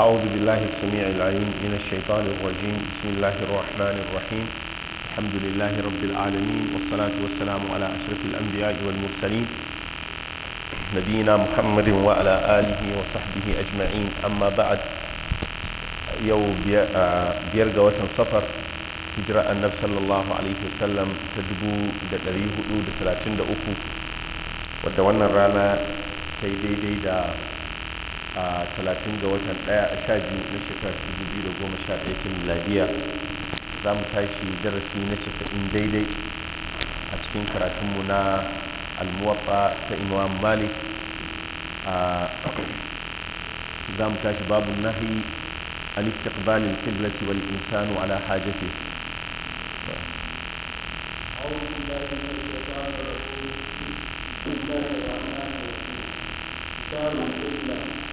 أعوذ بالله السميع العليم من الشيطان الرجيم بسم الله الرحمن الرحيم الحمد لله رب العالمين والصلاة والسلام على أشرف الأنبياء والمرسلين نبينا محمد وعلى آله وصحبه أجمعين أما بعد يوم بيرجى آه، صفر هجرة النبي صلى الله عليه وسلم تدبو دتريه ثلاثين دأخو ودوانا رانا تيدي دا, دا a 30 ga watan 12 na shekara 2011 ta miladiya za mu tashi darasi na 90 daidai a cikin karatunmu na almuwafa ta imam malik za mu tashi babu nahi an istiqbalil qiblati wal insanu ala hajati Thank you.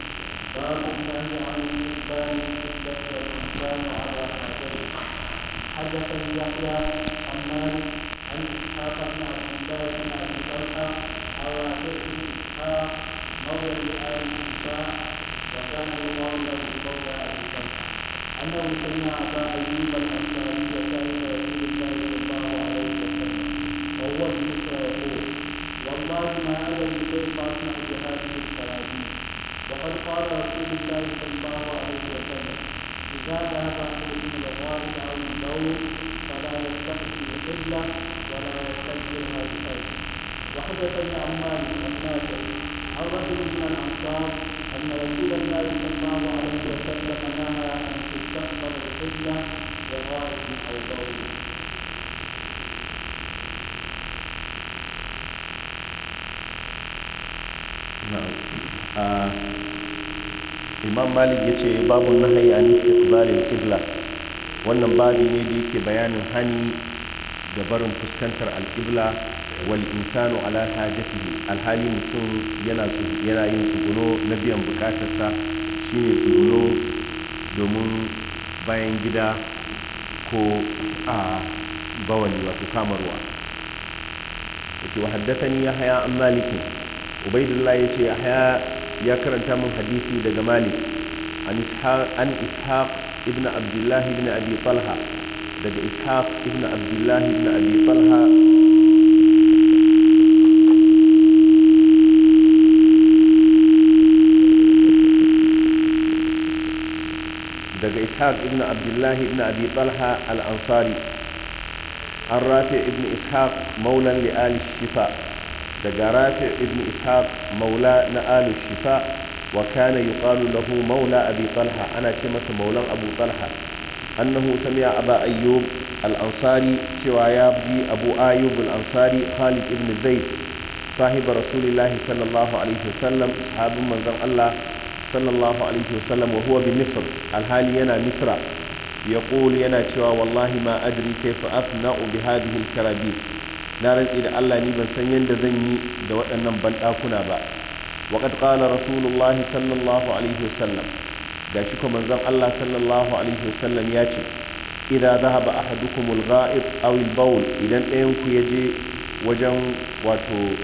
باب النهي عن إقبال القبلة والإنسان على حاجته حدثني يحيى عن مالك عن إسحاق بن عبد الله بن أبي طلحة حوادث إسحاق مولى لآل موسى وكان يقال له مولى أبي طلحة أنه سمع أبا أيوب الأنصاري وقد قال رسول الله صلى الله عليه وسلم إذا ذهب احد إلى الغالب أو النوم فلا يستقبل القبلة ولا يستقبل وحدث ابن عن بن الناس عن رجل من الأنصار أن رسول الله صلى الله عليه وسلم نهى أن تستقبل القبلة بغالب أو بول نعم Uh, imam malik ya ce babu nahayi a istiqbalil kibla wannan babi ne da yake bayanin hani da barin fuskantar alkibla wal insanu ala alhali mutum yana yin tsuguno na biyan bukatarsa ne tsuguno domin bayan gida ko a bawali wato kamarwa ce wa ya haya an malik ubaidullah ya haya ya karanta min hadisi daga malik an ishaq ibn abdullahi ibn abi talha daga ishaq ibn abdullahi ibn abi talha daga al-ansari an rafi ibn ishaq maulan li ali shifa daga rafi ibn ishaq maula na alu shifa wa kana yuqalu lahu maula abi talha ana ce masa maulan abu talha annahu sami'a aba ayyub al-ansari cewa ya ji abu ayyub al-ansari khalid ibn zaid sahiba rasulillahi sallallahu alaihi wasallam sahabin manzon Allah sallallahu alaihi wasallam wa huwa bi misr alhali yana misra yaqul yana cewa wallahi ma adri kayfa asna'u bi hadhihi al-karabis na rantsi da Allah ni ban san yadda zan yi da waɗannan banɗakuna ba waƙat ƙala rasulullahi sallallahu alaihi wasallam da shi kuma manzon Allah sallallahu alaihi wasallam ya ce idan zahaba ahadukum al aw al-bawl idan ɗayan ku ya je wajen wato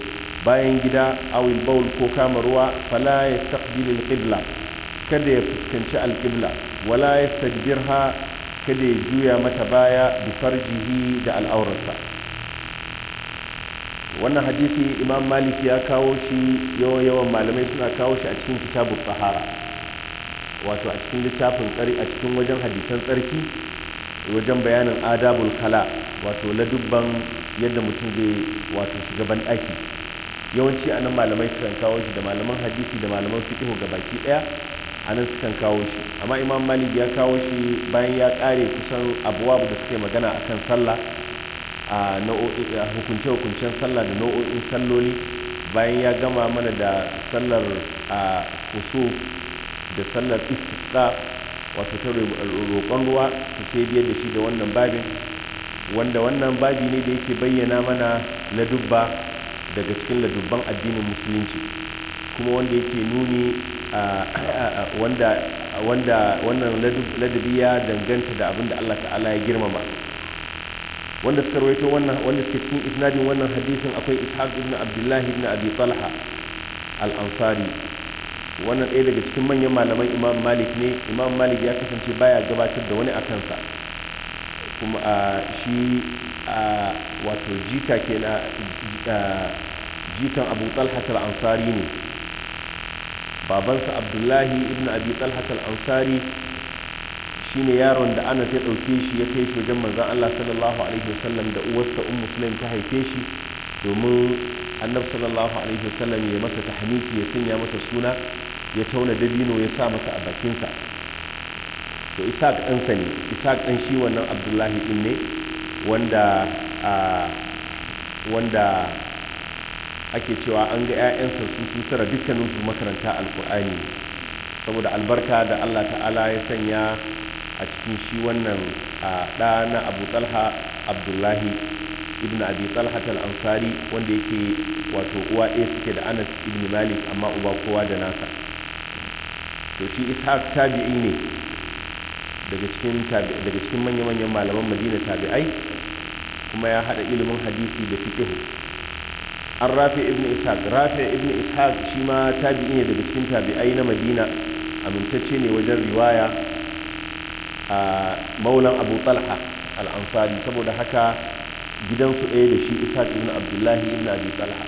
bayan gida aw al-bawl ko kama ruwa fala yastaqbil al-qibla kada ya fuskanci al-qibla wala yastadbirha kada ya juya mata baya bi farjihi da al'aurarsa wannan hadisi imam malik ya kawo shi yawan yawan malamai suna kawo shi a cikin kitabun fahara wato a cikin littafin tsari a cikin wajen hadisan tsarki wajen bayanin adabul khala wato ladubban yadda mutum zai wato shugaban ɗaki yawanci a nan malamai sukan kawo shi da malaman hadisi da malaman fiƙihu ga baki ɗaya a nan sukan kawo shi amma imam malik ya kawo shi bayan ya ƙare kusan abuwa da suka yi magana akan sallah a hukunce-hukuncen sallah da nau'o'in salloli bayan ya gama mana da sallar a kusuf da sallar istisqa wato ta roƙon ruwa ta sai biyar da shi da wannan babin wanda wannan babi ne da yake bayyana mana ladubba daga cikin ladubban addinin musulunci kuma wanda yake nuni wanda wannan ladabi ya danganta da abin da allah ta'ala ya girmama wanda suka rawaito wannan wanda suke cikin isnadin wannan hadisin akwai ishaq ibn abdullahi ibn abi talha al-ansari wannan ɗaya daga cikin manyan malaman imam malik ne imam malik ya kasance baya gabatar da wani a kansa kuma shi wato jika ke jikan abu talha al-ansari ne babansa abdullahi ibn abi talha al-ansari Shi ne yaron da anas ya ɗauke shi ya kai shi wajen manzan allah sallallahu alaihi wasallam da uwarsa un musulun ta haife shi domin annabi sallallahu alaihi wasallam ya masa ta tahniki ya sanya masa suna ya tauna dabino ya sa masa a bakinsa to isaac ɗansa ne isaac ɗan shi wannan abdullahi ɗin ne wanda ake cewa an ga 'ya'yansa su su tara dukkaninsu makaranta alkur'ani saboda albarka da allah ta'ala ya sanya a cikin shi wannan ɗa na abu talha abdullahi ibn abi talha ansari wanda yake wato uwa ɗaya suke da anas ibn malik amma uba kowa da nasa to shi ishaq tabi'i ne daga cikin manya-manyan malaman madina tabi'ai kuma ya haɗa ilimin hadisi da fiƙihu an rafi ibn ishaq rafi ibn ishaq shi ma tabi'i ne daga cikin tabi'ai na madina amintacce ne wajen riwaya maulan abu talha al'ansari saboda haka gidansu ɗaya da shi isa ibn abdullahi ibn abi talha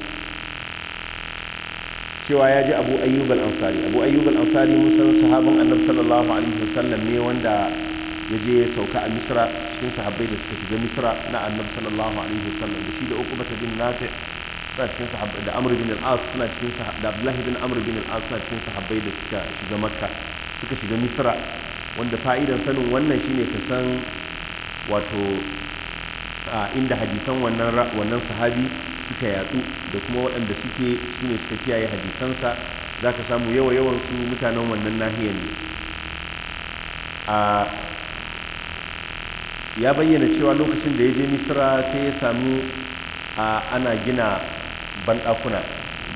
cewa ya ji abu ayyub al'ansari abu ayyub al'ansari mun san sahabin annabi sallallahu alaihi wasallam ne wanda ya je sauka a misra cikin sahabbai da suka shiga misra na annabi sallallahu alaihi wasallam da shi da uku bata bin nafi suna cikin sahabbai da amr bin al suna cikin da abdullahi bin amr bin al suna cikin sahabbai da suka shiga makka suka shiga misra wanda fa'idan sanin wannan shine ka san wato inda hadisan wannan sahabi suka yatsu da kuma waɗanda suke ne suka kiyaye hadisansa za ka samu yawa yawan su mutanen wannan nahiyar ne ya bayyana cewa lokacin da ya je Misira sai ya samu ana gina banɗakuna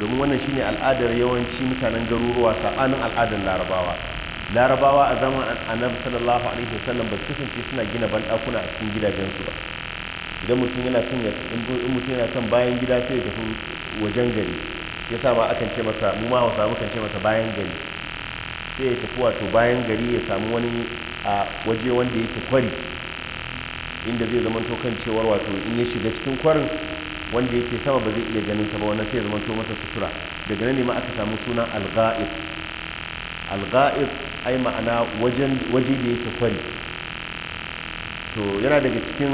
domin wannan shine al'adar yawanci mutanen garuruwa saɓanin al'adar larabawa larabawa a zaman annabi sallallahu alaihi wasallam ba su kasance suna gina banɗakuna a cikin gidajensu ba idan mutum yana son ya in mutum yana son bayan gida sai ya tafi wajen gari shi yasa ma akan ce masa mu ma hausa mukan ce masa bayan gari sai ya tafi wato bayan gari ya samu wani a waje wanda yake kwari inda zai zama to kan cewar wato in ya shiga cikin kwarin wanda yake sama ba zai iya ganin sa ba wannan sai ya zama to masa sutura daga nan ne ma aka samu sunan al alga'id ai ma'ana waje da yake kwari to yana daga cikin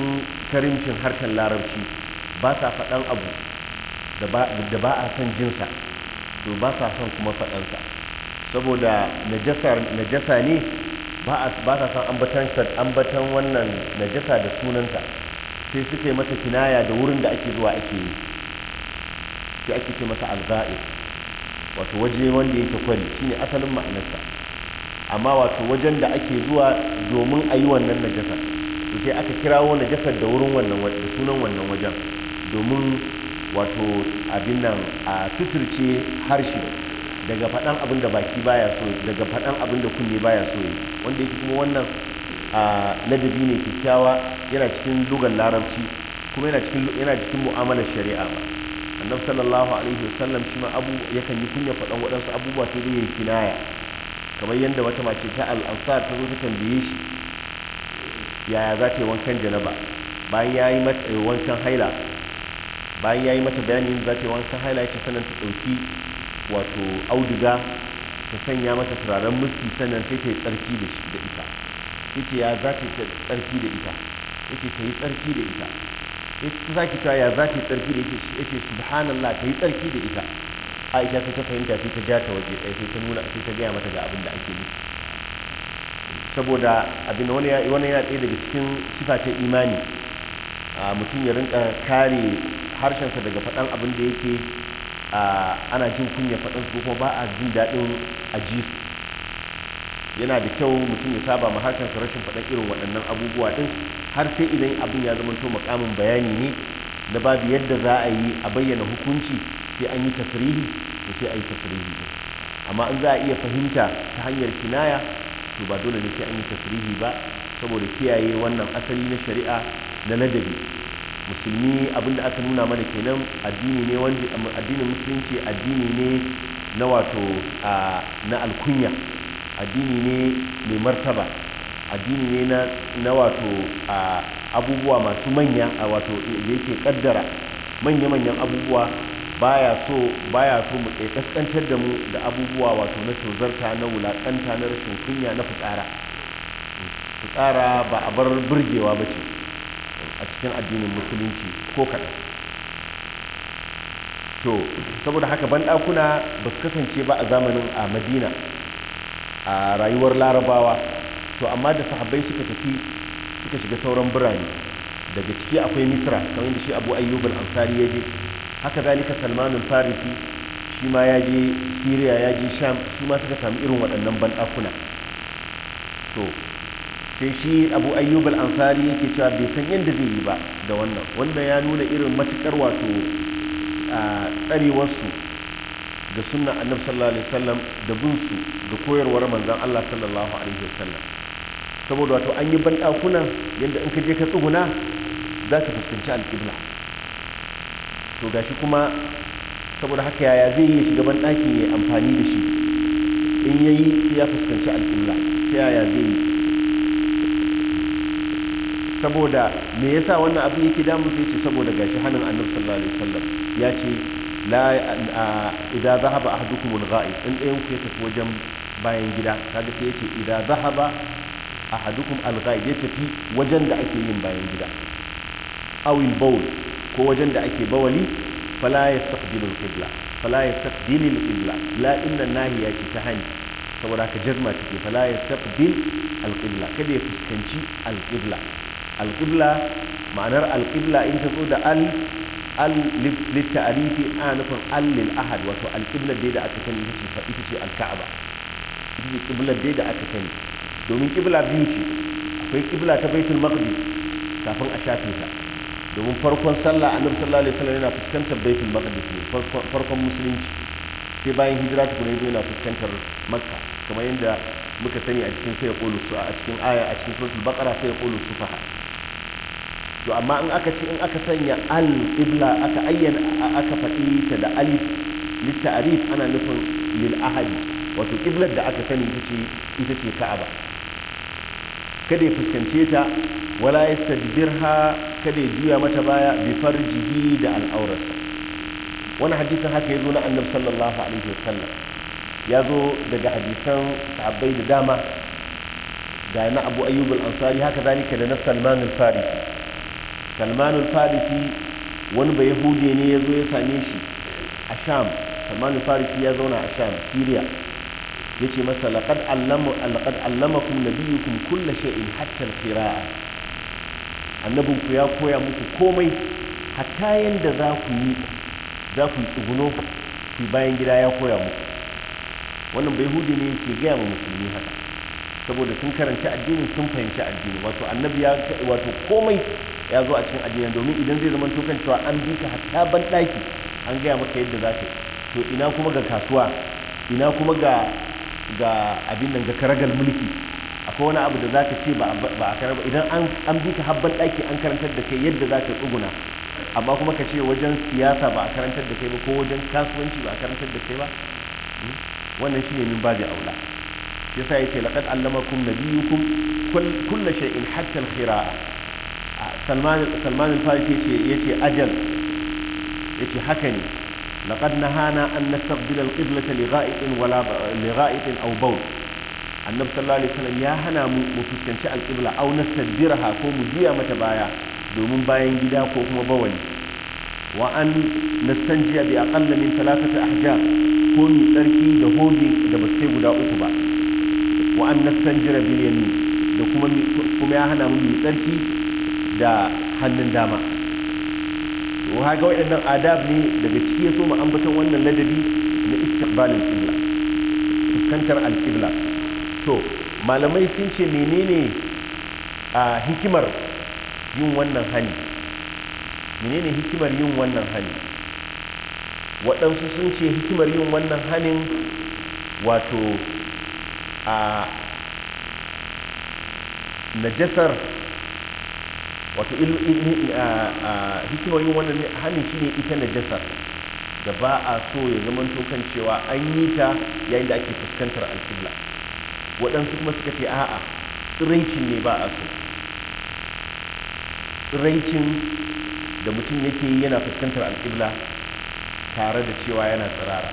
karincin harshen larabci ba sa faɗan abu da ba a son jinsa to ba sa son kuma faɗansa saboda najasa ne ba sa son ambatan wannan najasa da sunanta sai suka yi mata kinaya da wurin da ake zuwa ake yi sai ake ce masa alga'id wato waje wanda yake kwari shine asalin ma'anarsa amma wato wajen da ake zuwa domin a yi wannan najasa to sai aka kirawo najasar da wurin wannan da sunan wannan wajen domin wato abin nan a suturce harshe daga faɗan abin da baki baya so daga faɗan abin da kunne baya so yi wanda yake kuma wannan ladabi ne kyakkyawa yana cikin lugar larabci kuma yana cikin mu'amalar shari'a ba annab sallallahu alaihi wasallam shi ma abu yakan yi kunya faɗan waɗansu abubuwa sai dai ya yi kinaya kamar yadda wata mace ta al'ansar ta zo ta tambaye shi yaya za ta yi wankan janaba bayan ya yi mata eh, wankan haila bayan ya yi mata bayanin za ta yi wankan haila ya ce sannan ta ɗauki wato auduga ta sanya mata turaren muski sannan sai ta yi tsarki da ita ya ce ya za ta yi tsarki da ita ya ce ta yi tsarki da ita ita ki cewa ya yi tsarki da ya ce subhanallah ta yi tsarki da ita aisha sai ta fahimta sai ta ja ta waje ɗaya sai ta nuna sai ta gaya mata ga abin da ake yi saboda abin wani ya ɗaya daga cikin sifa ta imani mutum ya rinka kare harshensa daga faɗan abin da yake ana jin kunya faɗansu ko ba a jin daɗin a su yana da kyau mutum ya saba ma harshensa rashin faɗan irin waɗannan abubuwa ɗin har sai idan abin ya zama to makamin bayani ne na babu yadda za a yi a bayyana hukunci sai an yi tasirihi to sai a yi tasirihi ɗin amma in za a iya fahimta ta hanyar kinaya to ba dole ne sai an yi tasirihi ba saboda kiyaye wannan asali na shari'a na ladabi musulmi abinda aka nuna mana kenan addini ne wanda addinin musulunci addini ne na wato na alkunya addini ne mai martaba addini ne na, wato wato abubuwa masu manya a wato da yake kaddara manya-manyan abubuwa baya so baya so mu kaskantar da mu da abubuwa wato na tozarta na wulakanta na rashin kunya na fitsara fitsara ba a bar burgewa ba ce a cikin addinin musulunci ko kaɗan to saboda haka banɗakuna ba su kasance ba a zamanin a madina a rayuwar larabawa to amma da sahabbai suka tafi suka shiga sauran birane daga ciki akwai misra kamar yadda shi abu ayyub ansari ya je haka zalika salmanul farisi shi ma ya je syria ya je sham su ma suka sami irin waɗannan banɗakuna to sai shi abu ayyub ansari yake cewa bai san yadda zai yi ba da wannan wanda ya nuna irin matukar wato a tsarewarsu da sunna annabi sallallahu alaihi wasallam da bin su da koyarwar manzon Allah sallallahu alaihi wasallam saboda wato an yi bandakuna yadda in ka je ka tsuguna za ka fuskanci alƙibla to gashi kuma saboda haka yaya zai yi shiga ɗakin ya amfani da shi in ya yi sai ya fuskanci alƙibla ta yaya zai yi saboda me yasa wannan abin yake damu sai ce saboda gashi hannun annabi sallallahu alaihi wasallam ya ce la idza zahaba ahadukum al-gha'ib in ɗayan ku ya tafi wajen bayan gida kaga sai yace idza zahaba ahadukum al-gha'ib ya tafi wajen da ake yin bayan gida aw bawul bawl ko wajen da ake bawali fala yastaqbilu al-qibla fala yastaqbilu al-qibla la inna nahiya ki ta hani saboda ka jazma take fala yastaqbil al-qibla kada ya fuskanci al-qibla al-qibla ma'anar al-qibla in ta zo da al al littarifi a nufin allil ahad wato alƙiblar dai da aka sani ita ce alka'aba ita ce ƙiblar dai da aka sani domin ƙibla biyu ce akwai ƙibla ta baitul maqdis kafin a shafe ta domin farkon sallah annabi sallallahu alaihi wasallam yana fuskantar baitul maqdis ne farkon musulunci sai bayan hijira tukuna yazo yana fuskantar makka kamar yadda muka sani a cikin sai ya qulu a cikin aya a cikin suratul baqara sai ya qulu sufaha to amma in aka ci in aka sanya al ibla aka ayyana aka faɗi ta da alif litta'arif ana nufin lil ahadi wato iblar da aka sani ita ce ka'aba kada ya fuskance ta wala yastadbirha kada ya juya mata baya bi farjihi da al'aurarsa wani hadisin haka ya zo na annab sallallahu alaihi wasallam ya zo daga hadisan sahabbai da dama da na abu ayyub al-ansari haka zalika da na salman al-farisi salmanul farisi wani ba yahudi ne ya zo ya same shi a sham salmanul farisi ya zauna a sham syria ya ce masa laƙad allamakum nabiyukum kulla sha'in hatta kira'a annabinku ya koya muku komai hatta yadda za ku yi za ku yi tsuguno ku bayan gida ya koya muku wannan bai hudu ne yake gaya ma musulmi haka saboda sun karanci addini sun fahimci addini wato annabi ya wato komai ya zo a cikin addinin domin idan zai zama tokan cewa an bi ka hatta ban ɗaki an gaya maka yadda za ka to ina kuma ga kasuwa ina kuma ga ga abin nan ga karagal mulki akwai wani abu da za ka ce ba a karar idan an bi ka habban ɗaki an karantar da kai yadda za ka tsuguna amma kuma ka ce wajen siyasa ba a karantar da kai ba ko wajen kasuwanci ba a karantar da kai ba hmm? wannan shi ne min babu aula shi yasa ya ce laƙad allamakum nabiyukum kulla shay'in hatta al-khira'a salman al farisi ya ce ajal ya ce haka ne laƙad na hana an na al-qiblata ta gha'itin wala li gha'itin sallallahu alaihi wasallam ya hana mu mu fuskanci al-qibla aw nastadbiraha ko mu juya mata baya domin bayan gida ko kuma bawali wa an jiya bi aƙalla min ta ahjar ko mi tsarki da hoge da ba su kai guda uku ba wa an nastanjira bil yamin da kuma kuma ya hana mu mi tsarki da hannun dama to haka waɗannan adab ne daga ciki ya so mu ambaton wannan ladabi na istiqbalin qibla fuskantar al-qibla to malamai sun ce menene a hikimar yin wannan hani menene hikimar yin wannan hani waɗansu sun ce hikimar yin wannan hanin wato a najasar wato uh, uh, hikimomin wannan hannun shine ita najasar da ba a so ya zama tokan cewa an yi ta yayin da ake fuskantar alƙibla waɗansu kuma suka ce a'a tsiraicin ne ba a so tsiraicin da mutum yake yi yana fuskantar alƙibla tare da cewa yana tsirara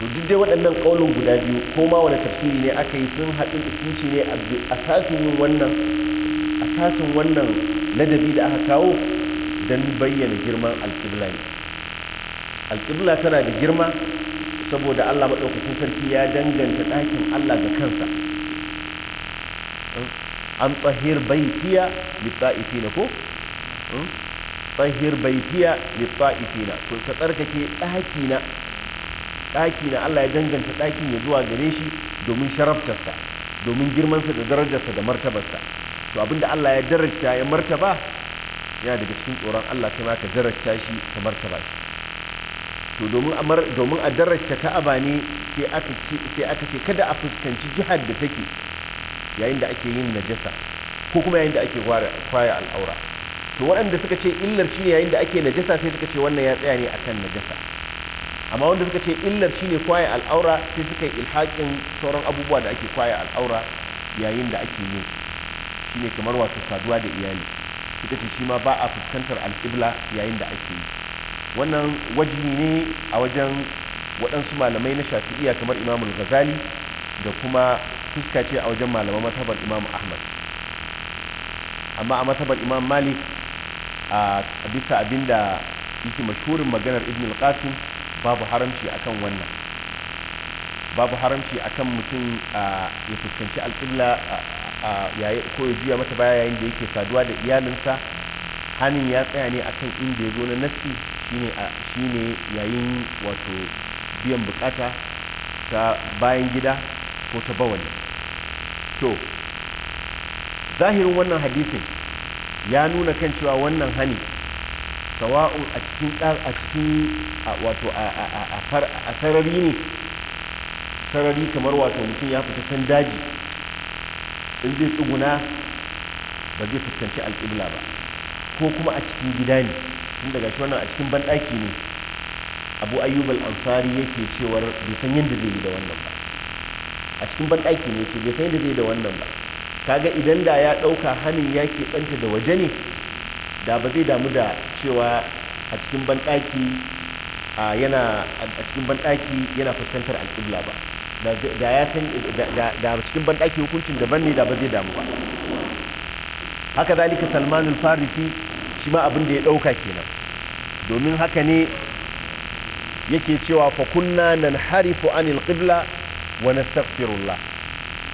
to duk dai waɗannan ƙaunin guda biyu ko ma wani tafsiri ne aka yi sun haɗin isinci ne a asasin yin wannan asasin wannan ladabi da aka kawo don bayyana girman alƙibla ne alƙibla tana da girma saboda allah maɗaukakin sarki ya danganta ɗakin allah ga kansa an tsahir baitiya litta'ifina ko hmm? tsahir baitiya litta'ifina to ka tsarkake ɗakina ɗakina allah ya danganta ɗakin ya zuwa gare shi domin sharaftarsa domin girmansa da darajarsa da martabarsa to abinda Allah ya darajta ya martaba yana daga cikin tsoron Allah kai ma ka darajta shi ka martaba shi to domin amar domin a darajta Ka'aba ne sai aka sai aka ce kada a fuskanci jihar da take yayin da ake yin najasa ko kuma yayin da ake kwaya al'aura to waɗanda suka ce illar shine yayin da ake najasa sai suka ce wannan ya tsaya ne akan najasa amma wanda suka ce illar shine kwaya al'aura sai suka yi ilhaƙin sauran abubuwa da ake kwaya al'aura yayin da ake yin su shine kamar wato saduwa da iyali suka ce shi ma ba a fuskantar alƙibla yayin da ake yi wannan wajini ne a wajen waɗansu malamai na shafi'iya kamar imamul ghazali da kuma fuska ce a wajen malaman matabar imam ahmad amma a matabar imam malik a bisa abin da yake mashurin maganar ibn al babu haramci akan wannan babu haramci akan mutum ya fuskanci alƙibla ko ya juya mata baya yayin da yake saduwa da iyalinsa hannun ya tsaya ne akan inda ya zo na nassi shine yayin wato biyan bukata ta bayan gida ko ta bawani to zahirin wannan hadisin ya nuna kan cewa wannan hani sawa'un a cikin a cikin wato a sarari ne sarari kamar wato mutum ya fita can daji in zai tsuguna ba zai fuskanci alƙibla ba ko kuma a cikin gida ne tun daga shi wannan a cikin banɗaki ne abu ayyub al'ansari yake cewar bai san yadda zai yi da wannan ba a cikin banɗaki ne ce bai san yadda zai yi da wannan ba kaga idan da ya ɗauka hannun ya keɓanta da waje ne da ba zai damu da cewa a cikin banɗaki yana fuskantar alƙibla ba da ya san cikin banɗaki hukuncin daban ne da ba zai damu ba haka zalika salmanul farisi shi ma abin da ya ɗauka kenan domin haka ne yake cewa fa kunna nan harifu anil qibla wa nastaghfirullah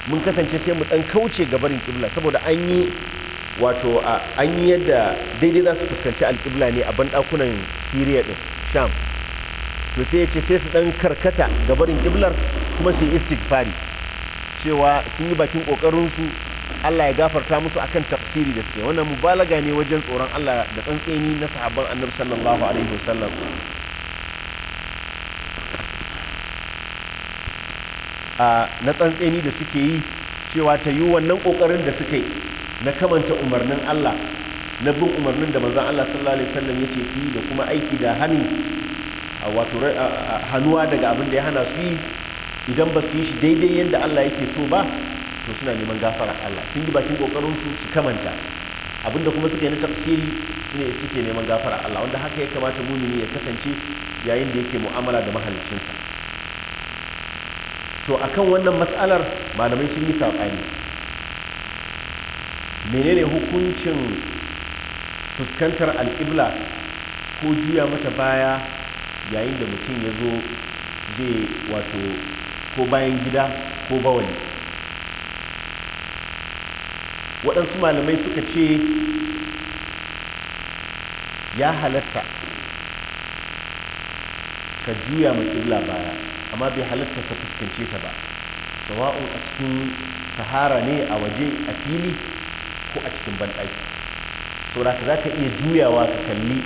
mun kasance sai mu dan kauce ga barin qibla saboda an yi wato an yi yadda daidai za su fuskanci alqibla ne a banɗakunan siriya din sham to sai ya ce sai su dan karkata ga barin qiblar. kuma su yi istighfari cewa sun yi bakin kokarinsu Allah ya gafarta musu akan tafsiri da suke wannan mubalaga ne wajen tsoron Allah da tsantseni na sahabban annabi sallallahu alaihi wasallam na tsantseni da suke yi cewa ta yi wannan kokarin da suka na kamanta umarnin Allah na bin umarnin da manzon Allah sallallahu alaihi wasallam ya su yi da kuma aiki da hannu wato hannuwa daga abin da ya hana su yi idan ba su yi shi daidai yadda Allah yake so ba to suna neman gafarar Allah sun yi bakin kokarin su su kamanta abinda kuma suka yi na tafsiri sune suke neman gafarar Allah wanda haka ya kamata mumini ya kasance yayin da yake mu'amala da mahalicinsa. to akan wannan mas'alar malamai sun yi saɓani menene hukuncin fuskantar alƙibla ko juya mata baya yayin da mutum ya zo zai wato ko bayan gida ko bawani. waɗansu malamai suka ce ya halatta ka juya mai baya amma bai halatta ka fuskance ta ba sawa'un a cikin sahara ne a waje a fili ko a cikin banɗaki saboda ka za ka iya juyawa ka kalli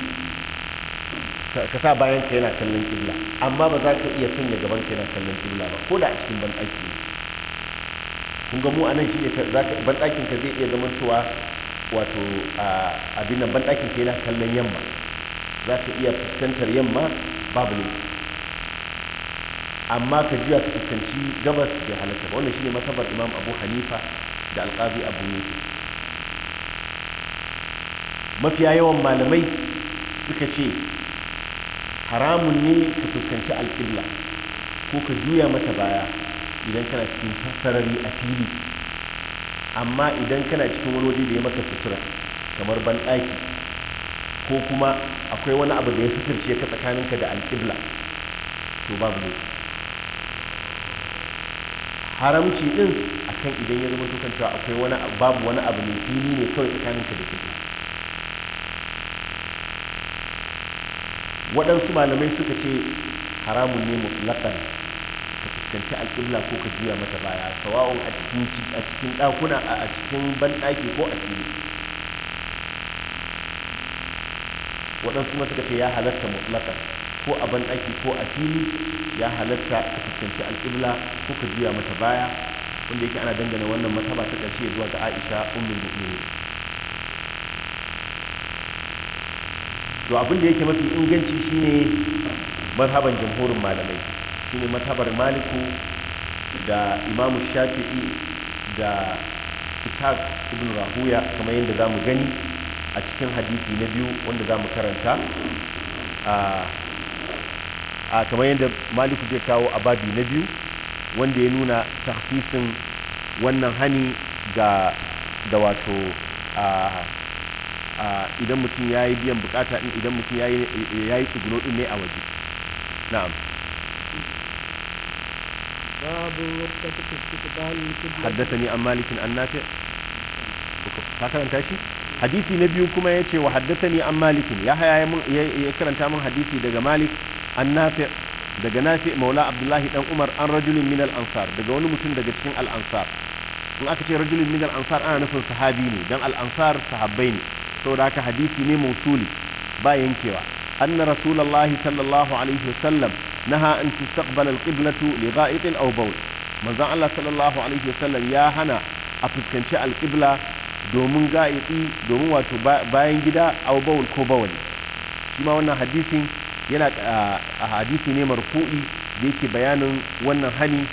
ka sa bayan ka yana kallon kibla amma ba za ka iya sanya gaban ka yana kallon kibla ba ko da a cikin banɗaki ne kun ga mu a nan shi ne banɗakin ka zai iya zamantowa wato abin nan banɗakin ka yana kallon yamma za ka iya fuskantar yamma babu ne amma ka jiya ka fuskanci gabas bai halatta ba wannan shine masabar imam abu hanifa da alƙazi abu yusuf mafiya yawan malamai suka ce haramun ne ka fuskanci alƙilla ko ka juya mata baya idan kana cikin sarari a fili amma idan kana cikin wani waje da ya maka sutura kamar banɗaki ko kuma akwai wani abu da ya suturce ka tsakaninka da alƙibla to babu ne haramci ɗin akan idan ya zama tukan akwai babu wani abu mai fili ne kawai tsakaninka da kibla waɗansu malamai suka ce haramun ne mutlaƙan ka fuskanci alƙibla ko ka juya mata baya sawa'un a cikin ɗakuna a cikin banɗaki ko a fili waɗansu kuma suka ce ya halatta mutlaƙan ko a banɗaki ko a fili ya halatta ka fuskanci alƙibla ko ka juya mata baya wanda yake ana dangane wannan mataba ta ƙarshe zuwa ga aisha ummul mu'minin to abin da yake mafi inganci shine mazhaban jamhurin malamai shine matabar maliku da imamu shafi'i da ishaq ibn rahuya kamar yadda za mu gani a cikin hadisi na biyu wanda za mu karanta a kamar yadda maliku zai kawo a babi na biyu wanda ya nuna tahsisin wannan hani ga da wato a idan mutum ya yi biyan bukata din idan mutum ya yi tsuguno din ne a waje na'am babu an malikin an nafi ka karanta shi hadisi na biyu kuma ya ce wa haddatani an malikin ya haya ya karanta min hadisi daga malik an nafi daga nafi maula abdullahi dan umar an rajulin min al ansar daga wani mutum daga cikin al ansar in aka ce rajulin min al ansar ana nufin sahabi ne dan al ansar sahabbai ne saboda haka hadisi ne mausuli ba yankewa anna rasulullahi sallallahu alaihi wasallam naha an tustaqbala alqiblatu li gha'itin aw bawl manzo Allah sallallahu alaihi wasallam ya hana a fuskanci alqibla domin ga'iti domin wato bayan gida aw bawl ko bawl shi ma wannan hadisin yana a hadisi ne marfu'i da yake bayanin wannan hani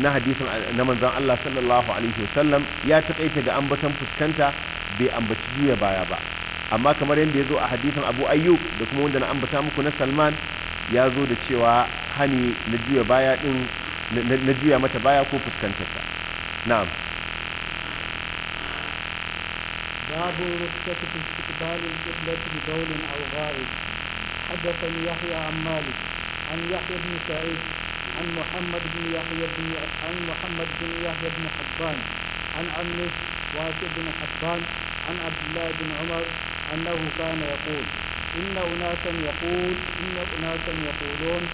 na hadisin na manzon Allah sallallahu alaihi wasallam ya taƙaita ga ambaton fuskanta bai ambaci juya baya ba amma kamar yadda ya zo a hadisan abu ayyub da kuma wanda na ambata muku na salman ya zo da cewa hani na juya baya din na juya mata baya ko ta na'am باب رخصة fi استقبال القبلة ببول أو غائب حدثني يحيى عن مالك عن يحيى بن سعيد عن محمد بن يحيى بن عن محمد بن يحيى بن حبان عن عمه واسع بن حبان عن عبد الله بن عمر أنه كان يقول إن أناسا يقول إن أناسا يقولون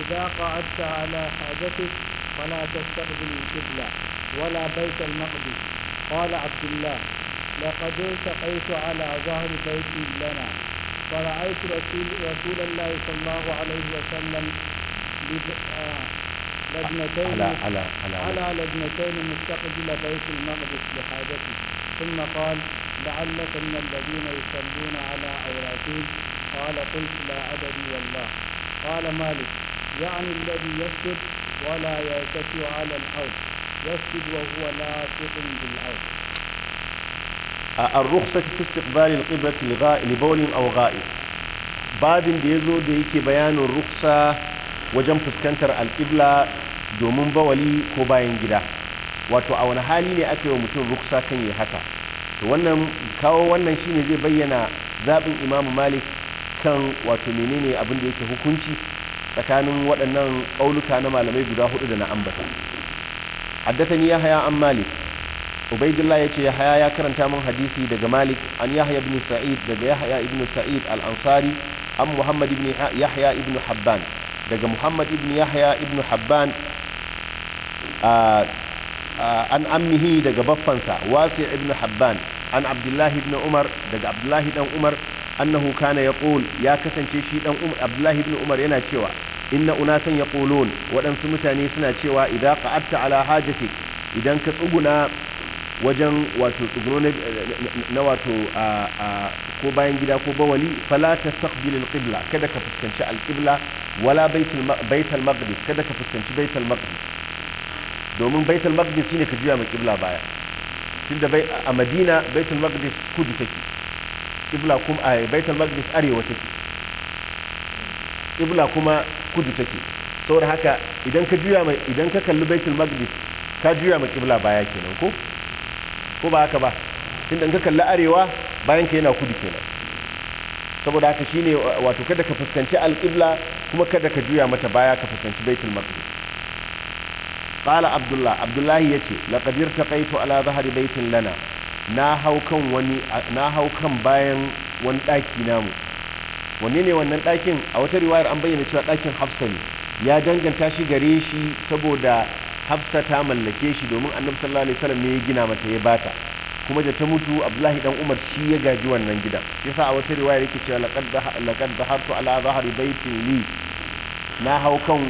إذا قعدت على حاجتك فلا تستقبل القبلة ولا بيت المقدس قال عبد الله لقد التقيت على ظهر بيت لنا فرأيت رسول, رسول الله صلى الله عليه وسلم لجنتين آه، على على على, على لجنتين مستقبل بيت المقدس لحاجته ثم قال لعلك من الذين يصلون على أولادهم قال قلت لا أدري والله قال مالك يعني الذي يسجد ولا يلتفت على الحوض يسجد وهو لاصق بالحوض الرخصة في استقبال القبلة لبول أو غائب babin da ya zo da yake bayanin ruksa wajen fuskantar alƙibla domin bawali ko bayan gida wato a wani hali ne aka yi wa mutum ruksa kan yi haka to wannan kawo wannan shine zai bayyana zaɓin imamu malik kan wato menene abin da yake hukunci tsakanin waɗannan ƙauluka na malamai guda hudu da na ambata haddathani haya an malik ubaidullah ya yahya ya karanta min hadisi daga malik an yahya ibn sa'id daga yahya ibn sa'id al-ansari an muhammad ibn yahya ibn habban daga muhammad ibn yahya ibn habban an ammihi daga baffansa wasi ibn habban an abdullahi ibn umar daga abdullahi dan umar annahu kana yaqul ya kasance shi dan umar abdullahi ibn umar yana cewa inna unasan yaqulun waɗansu mutane suna cewa ka qa'adta ala hajatik idan ka tsuguna wajen wato tsuguno na wato ko bayan gida ko bawali fala tastaqbil alqibla kada ka fuskanci alqibla wala baitul maqdis kada ka fuskanci baitul maqdis domin baitul maqdis shine ka juya mai qibla baya tunda bai a madina baitul maqdis kudu take ibla kuma a baitul maqdis arewa take ibla kuma kudu take saboda haka idan ka juya mai idan ka kalli baitul maqdis ka juya mai ibla baya kenan ko ko ba haka ba tunda da ka kalli arewa bayan ka yana kudu kenan saboda haka shine wato kada ka fuskanci alƙibla kuma kada ka juya mata baya ka fuskanci baitul maqdis qala abdullah abdullahi yace laqad irtaqaitu ala zahari baitin lana na hau kan bayan wani daki namu ne wannan ɗakin a wata riwayar an bayyana cewa ɗakin hafsa ne ya danganta shi gare shi saboda hafsa ta mallake shi domin annabi sallallahu alaihi wasallam ne ya gina mata ya bata kuma da ta mutu abdullahi dan umar shi ya gaji wannan gidan yasa a wata riwayar yake cewa laqad zahartu ala zahari baitin li na hau kan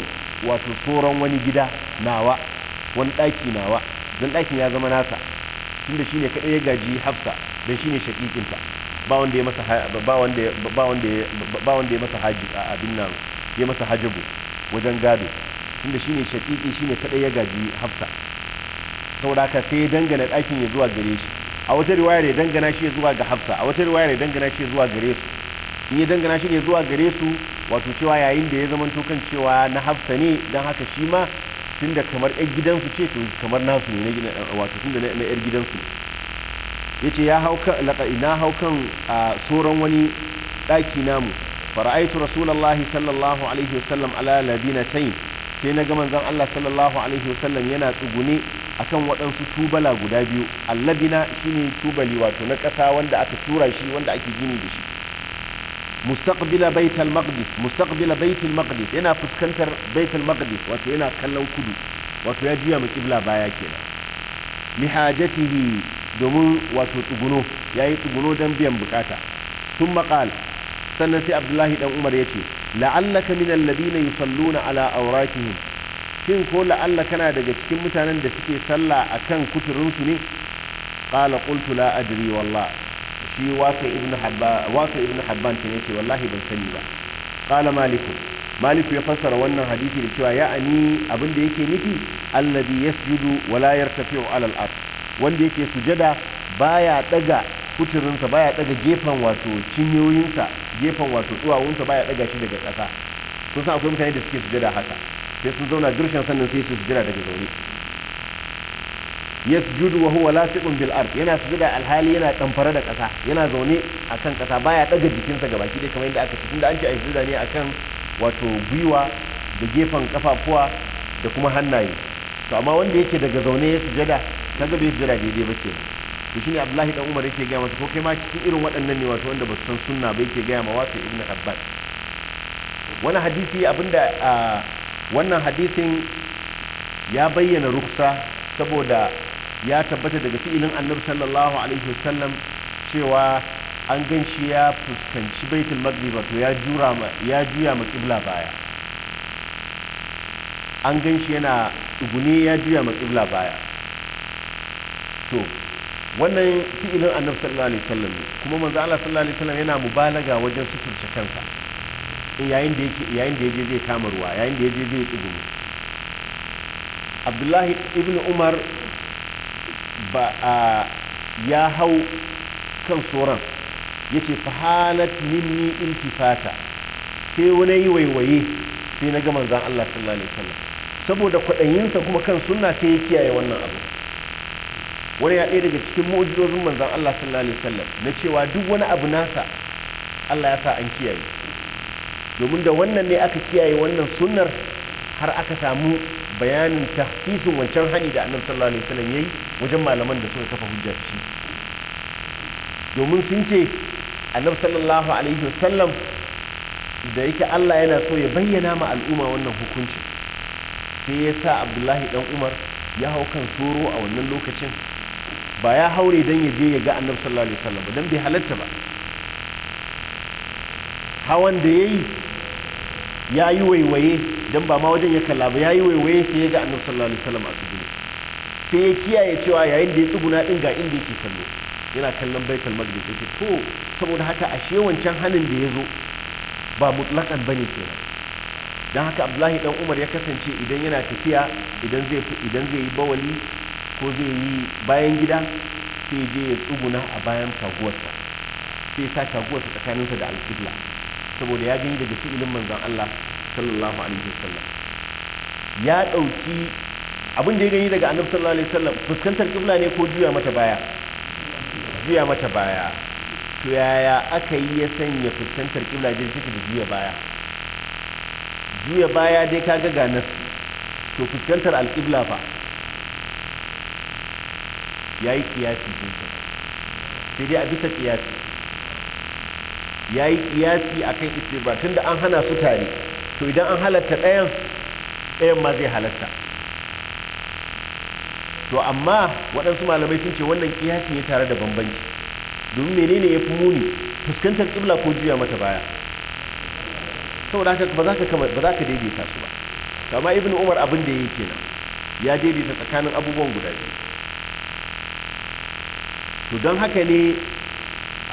wato tsoron wani gida nawa wani ɗaki nawa don ɗakin ya zama nasa tunda shine kaɗai ya gaji hafsa don shine shaƙiƙinta ba wanda ya masa ba wanda ya masa haji a abin nan ya masa hajjabu wajen gado tunda shine shaƙiƙi shine kaɗai ya gaji hafsa saboda haka sai ya dangana ɗakin ya zuwa gare shi a wata riwayar ya dangana shi zuwa ga hafsa a wata riwayar ya dangana shi zuwa gare su ya dangana shi ne zuwa gare su wato cewa yayin da ya zama kan cewa na hafsa ne don haka shi ma tun da kamar yan gidansu ce to kamar nasu ne wato tun da na yan gidansu ya ce ya hau kan na hau kan a tsoron wani ɗaki namu fara'aitu rasulallah sallallahu alaihi wasallam ala ladina yi sai na ga manzon Allah sallallahu alaihi wasallam yana tsugune akan waɗansu tubala guda biyu allabina shine tubali wato na ƙasa wanda aka tura shi wanda ake gini da shi mustaqbila baitul maqdis mustaqbila baitul maqdis yana fuskantar baitul maqdis wato yana kallon kudu wato ya juya kibla baya kenan lihajatihi domin wato ya yi tsuguno don biyan bukata tun qala sannan sai abdullahi dan umar ya ce la'allaka min alladhina yusalluna ala awratihim shin ko la'alla kana daga cikin mutanen da suke sallah akan kuturinsu ne qala qultu la adri shi wasu ibn habban ta ce wallahi ban sani ba kala maliku maliku ya fassara wannan hadisi da cewa ya'ani abin da yake nufi alladhi yasjudu wa la yartafi'u ala al wanda yake sujada baya daga kuturinsa baya daga gefen wato cinyoyinsa gefen wato duwawunsa baya daga shi daga ƙasa kusan akwai mutane da suke sujada haka sai sun zauna dirshan sannan sai su sujada daga zaune yasjudu wa huwa lasiqun bil ard yana sujuda alhali yana kamfara da kasa yana zaune akan kasa baya daga jikinsa gabaki dai kamar yadda aka ce tunda an ce ai sujuda ne akan wato gwiwa da gefen kafafuwa da kuma hannaye to amma wanda yake daga zaune ya sujada kaga bai sujuda daidai ba kenan to shine Abdullahi dan Umar yake gaya masa ko kai ma cikin irin waɗannan ne wato wanda ba su san sunna ba yake gaya ma wasu Ibn Abbas wani hadisi abinda wannan hadisin ya bayyana ruksa saboda ya tabbata daga fi'ilin annabi sallallahu alaihi wasallam cewa an gan shi ya fuskanci baitul maghrib to ya jura ma ya juya ma qibla baya an gan shi yana tsuguni ya juya ma qibla baya to wannan fi'ilin annabi sallallahu alaihi wasallam kuma manzo Allah sallallahu alaihi wasallam yana mubalaga wajen suturce kansa yayin da yake yayin da yaje zai kama ruwa yayin da yaje zai tsugune Abdullahi ibn Umar ba a ya hau kan tsoron ya ce fahalat minni intifata sai wani yi waiwaye sai na gama zan Allah sallallahu alaihi wasallam saboda kwaɗayinsa kuma kan sunna sai ya kiyaye wannan abu wani ya ɗaya daga cikin mu'ujizozin manzan Allah sallallahu alaihi wasallam na cewa duk wani abu nasa Allah ya sa an kiyaye domin da wannan ne aka kiyaye wannan sunnar har aka samu bayanin tahsisin wancan hani da annabi sallallahu alaihi wasallam yayi wajen malaman da suka kafa hujja shi domin sun ce annabi sallallahu alaihi wasallam da yake Allah yana so ya bayyana ma al'umma wannan hukunci sai ya sa Abdullahi dan Umar ya hau kan soro a wannan lokacin ba ya haure dan ya je ya ga annabi sallallahu alaihi wasallam ba dan bai halatta ba hawan da yayi ya yi waiwaye don ba ma wajen ya kalla ba ya yi waiwaye sai ya ga annabi sallallahu alaihi wasallam a tsugune sai ya kiyaye cewa yayin da ya tsuguna din ga inda yake kallo yana kallon baitul maqdis yake to saboda haka ashe wancan hanin da ya zo ba mutlaqan bane kenan don haka abdullahi dan umar ya kasance idan yana tafiya idan zai idan zai yi bawali ko zai yi bayan gida sai je ya tsuguna a bayan kaguwarsa sai ya sa kaguwarsa tsakaninsa da alƙibla saboda ya gani daga fi'ilin manzan Allah sallallahu alaihi wasallam ya ɗauki abin da ya gani daga annabi sallallahu alaihi wasallam fuskantar kibla ne ko juya mata baya juya mata baya to yaya aka yi ya sanya fuskantar kibla da take da juya baya juya baya dai kaga ga nas to fuskantar alƙibla fa ya yi kiyasi sai dai a bisa kiyasi ya yi kiyasi a kan istihbar tun da an hana su tare to idan an halatta ɗayan ɗayan ma zai halatta to amma waɗansu malamai sun ce wannan kiyasi ne tare da bambanci domin menene ya fi muni fuskantar ƙibla ko juya mata baya saboda haka ba za ka daidaita su ba kama ibn umar abin da ya yi kenan ya daidaita tsakanin abubuwan guda biyu to don haka ne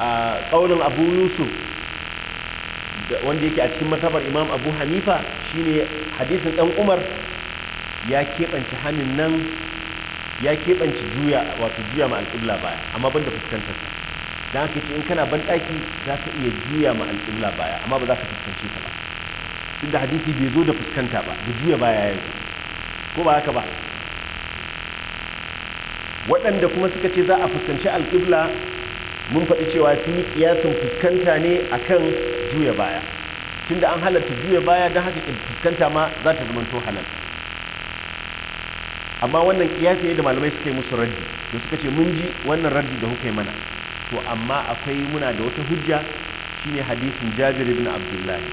a ƙaunin abu yusuf wanda yake a cikin martabar imam abu hanifa shine hadisin ɗan umar ya keɓance hannun nan ya keɓance juya wato juya ma alƙibla baya amma ban da fuskantar ta don haka ce in kana ban ɗaki za ka iya juya ma alƙibla baya amma ba za ka fuskance ta ba duk da hadisi bai zo da fuskanta ba da juya baya ya zo ko ba haka ba waɗanda kuma suka ce za a fuskanci alƙibla mun faɗi cewa sun yi kiyasin fuskanta ne akan juya baya tunda an halarta juya baya don haka fuskanta ma za ta zamanto halal amma wannan kiyasi ne da malamai suka yi musu raddi da suka ce mun ji wannan raddi da kuka yi mana to amma akwai muna da wata hujja shine hadisin jabir ibn abdullahi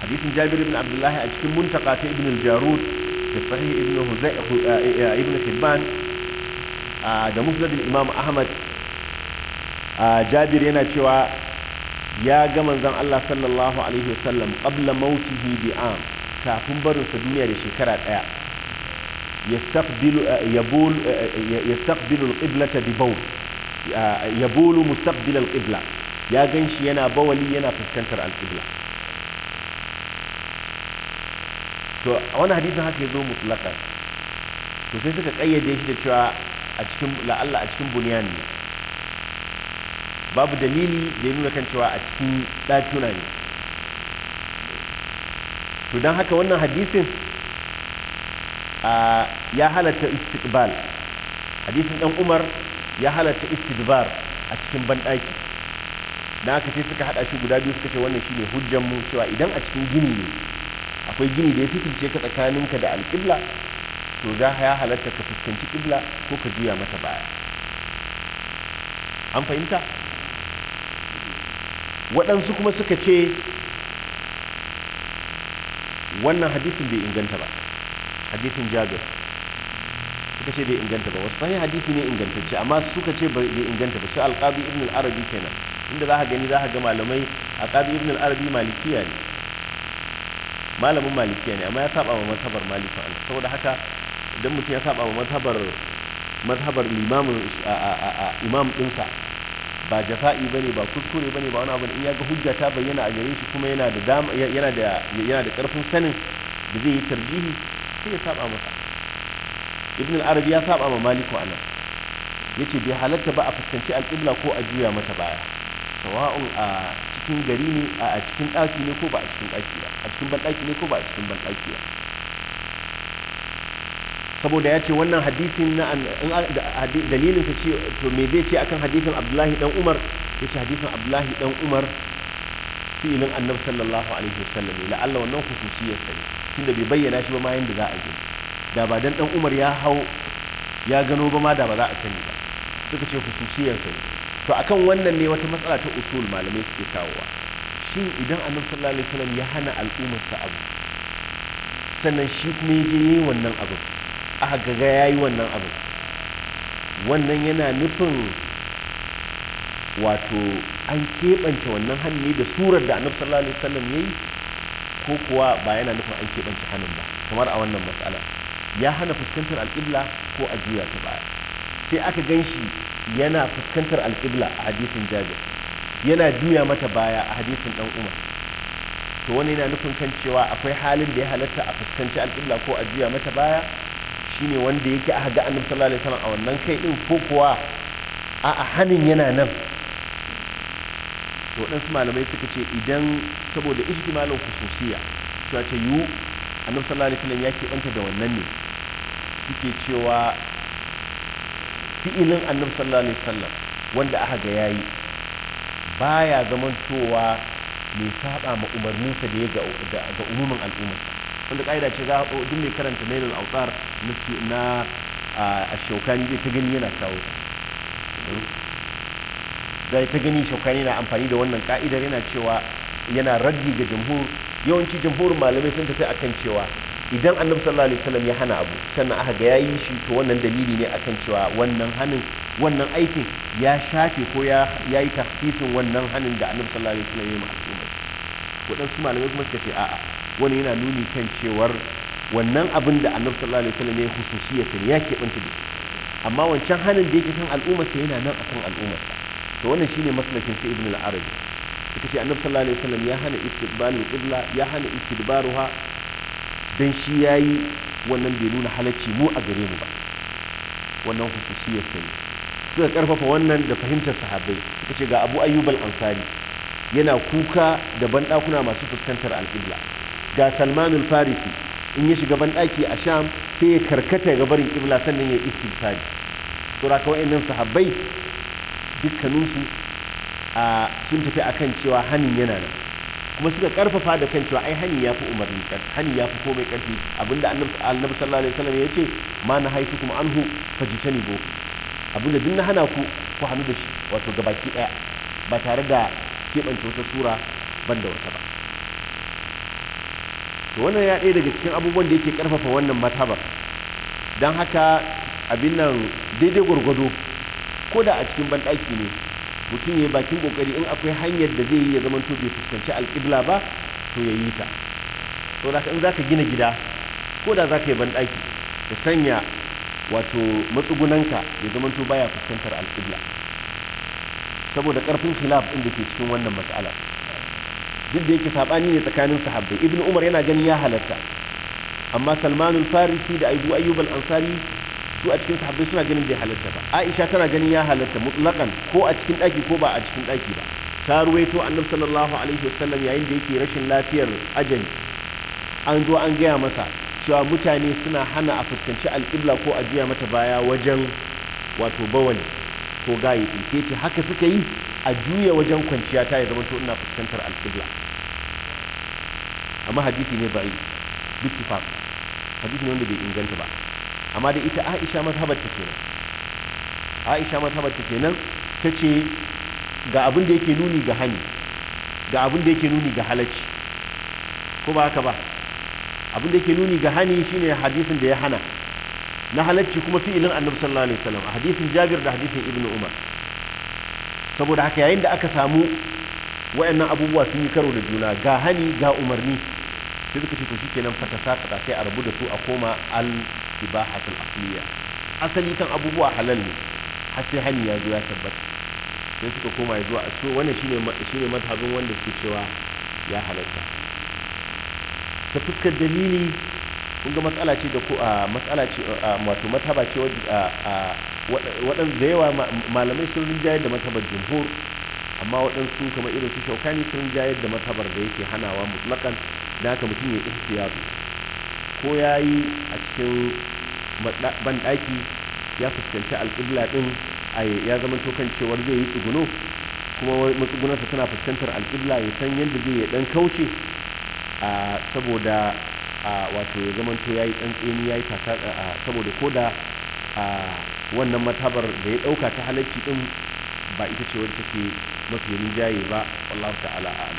hadisin jabir ibn abdullahi a cikin muntaka ta ibn al-jarud da sahih ibn eh, eh, ibn hibban ah, da musnad imam ahmad jabir yana cewa ya ga manzan Allah sallallahu alaihi wasallam qabla mautihi bi am kafin barinsa duniya da shekara daya yastaqbilu yabul yastaqbilu alqiblata bi bawl yabulu mustaqbil ƙibla ya ganshi yana bawali yana fuskantar alqibla to a wani hadisin haka ya zo mutlaqan to sai suka ƙayyade shi da cewa a cikin la'alla a cikin bunyan babu dalili da ya nuna kan cewa a cikin ɗakuna ne to don haka wannan hadisin ya halatta istiqbal hadisin ɗan umar ya halatta istiqbal a cikin banɗaki na haka sai suka haɗa shi guda biyu suka ce wannan shine mu cewa idan a cikin gini ne akwai gini da ya suturce ka tsakaninka da alƙibla to za ya halatta ka fuskanci ƙibla ko ka juya mata baya an fahimta waɗansu kuma suka ce wannan hadisin bai inganta ba hadisin jabir suka ce bai inganta ba wasu sahih hadisi ne ingantacce amma suka ce bai inganta ba su alqabi ibn al-arabi kenan inda za ka gani za ka ga malamai alqabi ibn al-arabi malikiya ne malamin malikiya ne amma ya saba wa mazhabar maliki allah saboda haka idan mutum ya saba wa mazhabar mazhabar limamin imam dinsa ba jafa'i ne ba kuskure bane ba wani abu in ya ga hujja ta bayyana a gare shi kuma yana da yana da karfin sanin da zai yi tarjihi sai ya saba masa ibn al-arabi ya saba ma maliku anan yace bai halatta ba a fuskanci alƙibla ko a juya mata baya sawa'un a cikin gari ne a cikin ɗaki ne ko ba a cikin ɗaki banɗaki ne ko ba a cikin banɗaki ba saboda ya ce wannan hadisin na dalilin sa ce to me zai ce akan hadisin abdullahi dan umar ya ce hadisin abdullahi dan umar fi'ilin annabi sallallahu alaihi wasallam allah wannan khususiyar ya sani tunda bai bayyana shi ba ma yanda za a gani da ba dan dan umar ya hau ya gano ba ma da ba za a sani ba suka ce khususiyar ya sani to akan wannan ne wata matsala ta usul malamai suke kawowa shi idan annabi sallallahu alaihi wasallam ya hana al'ummar sa abu sannan shi kuma ya je wannan abu aka gaga ya yi wannan abu wannan yana nufin wato an keɓance wannan hannu da surar da annabi sallallahu alaihi wasallam ya yi ko kuwa ba yana nufin an keɓance hannun ba kamar a wannan matsala ya hana fuskantar alƙibla ko a juya ta baya sai aka gan shi yana fuskantar alƙibla a hadisin jabir yana juya mata baya a hadisin ɗan umar to wani yana nufin kan cewa akwai halin da ya halatta a fuskanci alƙibla ko a juya mata baya shine wanda yake aka ga annabi sallallahu alaihi wasallam a wannan kai din ko kuwa a hanin yana nan to waɗansu malamai suka ce idan saboda ijtimalin khususiya cewa ce yu annabi sallallahu alaihi wasallam ya keɓanta da wannan ne suke cewa fi'ilin annabi sallallahu alaihi wasallam wanda aka ga yayi baya zamantowa mai saba ma umarninsa da ya ga umumin al'ummarsa wanda ƙa'ida ce za a duk mai karanta nailul autar na a shaukani zai ta gani yana kawo zai ta gani shaukani na amfani da wannan ka'idar yana cewa yana raddi ga jamhur yawanci jamhur malamai sun tafi akan cewa idan annabi sallallahu alaihi wasallam ya hana abu sannan aka ga yayi shi to wannan dalili ne akan cewa wannan hanin wannan aikin ya shafe ko ya yayi tafsisin wannan hanin da annabi sallallahu alaihi wasallam ya yi ma al'umma waɗansu malamai kuma suka ce a'a wani yana nuni kan cewar wannan abin da annabi sallallahu alaihi wasallam ya hususiya sun ya keɓanta da amma wancan hannun da yake kan al'ummarsa yana nan akan al'ummarsa to wannan shine maslakin sai ibn al-arabi suka ce annabi sallallahu alaihi wasallam ya hana istiqbalul qibla ya hana istidbaruha dan shi yayi wannan bai nuna halacci mu a gare mu ba wannan hususiyar sa ne suka karfafa wannan da fahimtar sahabbai suka ce ga abu ayyub al-ansari yana kuka da banɗakuna masu fuskantar al-qibla ga salmanul farisi in ya shiga banɗaki a sham sai ya karkata ga barin ƙibla sannan ya istighfari saboda ka wa'annan sahabbai dukkaninsu a sun tafi akan cewa hanin yana nan kuma suka karfafa da kan cewa ai hani yafi umarni hani yafi komai karfi abinda annabi sallallahu alaihi wasallam ya ce ma na haitu kuma anhu fajitani bo abinda duk na hana ku ku hannu da shi wato gabaki daya ba tare da keɓance wata sura banda wata ba to wannan ya ɗaya daga cikin abubuwan da yake ƙarfafa wannan mazhabar don haka abin nan daidai gwargwado ko da a cikin banɗaki ne mutum ya yi bakin ƙoƙari in akwai hanyar da zai yi ya zama bai fuskanci alƙibla ba to ya yi ta to da in za ka gina gida ko da za ka yi banɗaki ka sanya wato matsugunanka ya zama baya fuskantar alƙibla saboda ƙarfin khilaf ɗin da ke cikin wannan matsalar duk da yake sabani ne tsakanin sahabbai ibnu umar yana ganin ya halatta amma salmanul farisi da abu ayyub al-ansari su a cikin sahabbai suna ganin bai halatta ba aisha tana ganin ya halatta mutlaqan ko a cikin ɗaki ko ba a cikin ɗaki ba ta ruwaito annabi sallallahu alaihi wasallam yayin da yake rashin lafiyar ajan an zo an gaya masa cewa mutane suna hana a fuskanci alƙibla ko a juya mata baya wajen wato bawani. ko gayi ce ce haka suka yi a juya wajen kwanciya ta ya zamanto ina fuskantar alƙibla amma hadisi ne bari bittifaq hadisi ne wanda bai inganta ba amma da ita Aisha mazhabar ta kenan Aisha mazhabar ta kenan ta ce ga abin da yake nuni ga hani ga abin da yake nuni ga halacci ko ba haka ba abin da yake nuni ga hani shine hadisin da ya hana na halacci kuma fi'ilin annabi sallallahu alaihi wasallam a hadisin jabir da hadisin ibnu umar saboda haka yayin da aka samu wayannan abubuwa sun yi karo da juna ga hani ga umarni sai suka ce to shikenan fata sakata sai a rabu da su a koma al ibahatul asliya asali kan abubuwa halal ne har sai hani ya zo ya tabbata sai suka koma ya zuwa so wannan shine shine mazhabin wanda suke cewa ya halatta ta fuskar dalili kun ga matsala ce da ku a matsala ce wato mataba ce waɗansu da yawa malamai sun rinjayar da matabar jumhur amma waɗansu kamar irin su shaukani sun rinjayar da matabar da yake hanawa mutlakan da haka mutum ya ihtiyatu ko ya yi a cikin banɗaki ya fuskanci alƙibla ɗin ya zama tokan cewar zai yi tsuguno kuma matsugunarsa tana fuskantar alƙibla ya san yadda zai ya ɗan kauce saboda a wato ya zamanto ya yi tsantseni ya yi saboda ko da wannan matabar da ya ɗauka ta halarci din ba ita ce wadda take mafi rinjaye ba Allah ta'ala a'ala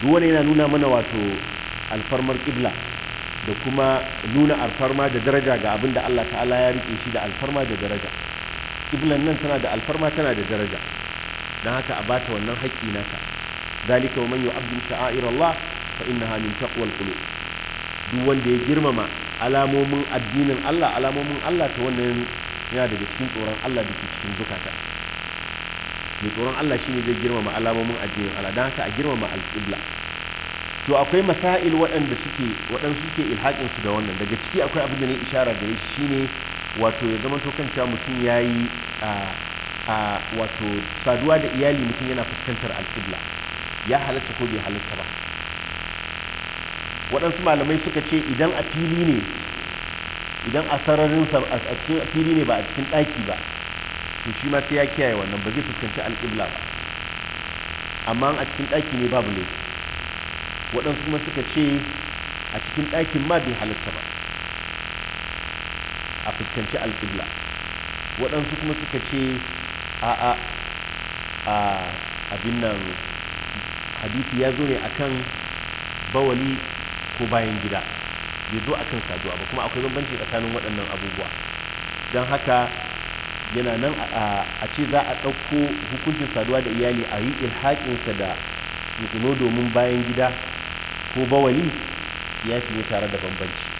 duk wani yana nuna mana wato alfarmar ƙibla da kuma nuna alfarma da daraja ga abin da Allah ta'ala ya rike shi da alfarma da daraja ƙiblan nan tana da alfarma tana da daraja dan haka a bata wannan haƙƙi naka zalika wa man yu'abdu sha'air Allah fa innaha min taqwal qulub duk wanda ya girmama alamomin addinin Allah alamomin Allah ta wannan yana daga cikin tsoron Allah da ke cikin zukata mai tsoron Allah shi ne zai girmama alamomin addinin Allah don haka a girmama alƙibla to akwai masail waɗanda suke waɗansu suke ilhaƙinsu da wannan daga ciki akwai abin da ne ishara gare shi ne wato ya zama to cewa mutum ya yi a wato saduwa da iyali mutum yana fuskantar alƙibla ya halatta ko bai halatta ba waɗansu malamai suka ce idan a fili ne idan a sararin a cikin fili ne ba a cikin ɗaki ba to shi ma sai ya kiyaye wannan ba zai fuskanci alƙibla ba amma a cikin ɗaki ne babu ne waɗansu kuma suka ce a cikin ɗakin ma bai halitta ba a fuskanci alƙibla waɗansu kuma suka ce a a abin nan hadisi ya zo ne akan bawali ko bayan gida bai zo a kan saduwa ba kuma akwai bambanci tsakanin waɗannan abubuwa don haka yana nan a ce za a ɗauko hukuncin saduwa da iyali a yi ilhaƙinsa da tsino domin bayan gida ko bawali ya ne tare da bambanci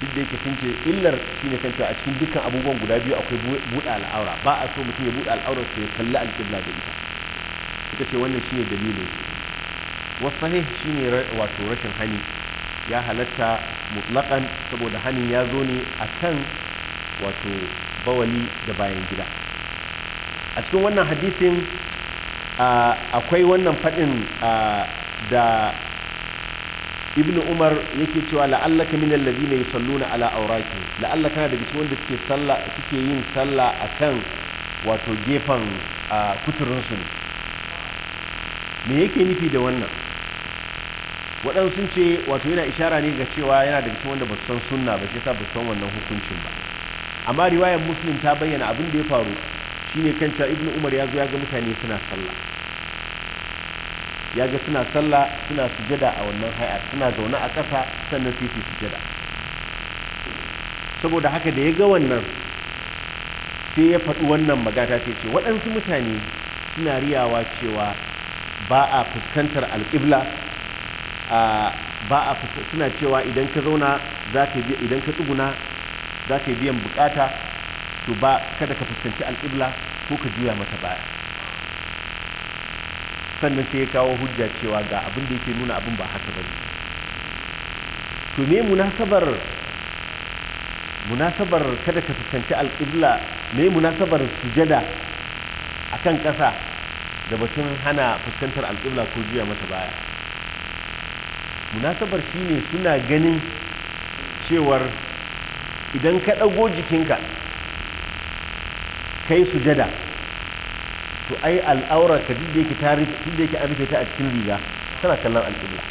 duk da yake sun ce illar shine kan cewa a cikin dukkan abubuwan guda biyu akwai buɗe al'aura ba a so mutum ya buɗe al'aurar su ya kalli alƙibla da ita suka ce wannan shine dalilin Wasu shi shine wato rashin hani ya halatta mutlaƙan saboda hanin ya zo ne a kan wato bawali da bayan gida a cikin wannan hadisin akwai wannan faɗin da ibn umar yake cewa la'allaka min alladhina yusalluna ala auraki la'allaka na daga cikin wanda suke suke yin sallah akan wato gefen kuturinsu ne me yake nufi da wannan waɗansu sun ce wato yana ishara ne ga cewa yana da cikin wanda ba su san sunna ba shi yasa ba san wannan hukuncin ba amma riwayar muslim ta bayyana abin da ya faru shine kan cewa ibnu umar ya zo ya ga mutane suna sallah ya ga suna sallah suna sujada a wannan hay'ar suna zaune a ƙasa sannan su su sujada saboda haka da ya ga wannan sai ya faɗi wannan magata sai ce waɗansu mutane suna riyawa cewa ba a fuskantar alƙibla ba a suna cewa idan ka zauna za ka idan ka tsuguna za ka biyan bukata to ba kada ka fuskanci alƙibla ko ka juya mata baya sannan sai ya kawo hujja cewa ga abin da yake nuna abin ba haka bane to me munasabar munasabar kada ka fuskanci alƙibla me munasabar sujada akan ƙasa da batun hana fuskantar alƙibla ko juya mata baya munasabar shine suna ganin cewar idan ka ɗago jikinka kai sujada to ai al'aura ka duk da yake ta da yake an rufe ta a cikin riga tana kallon al'ibla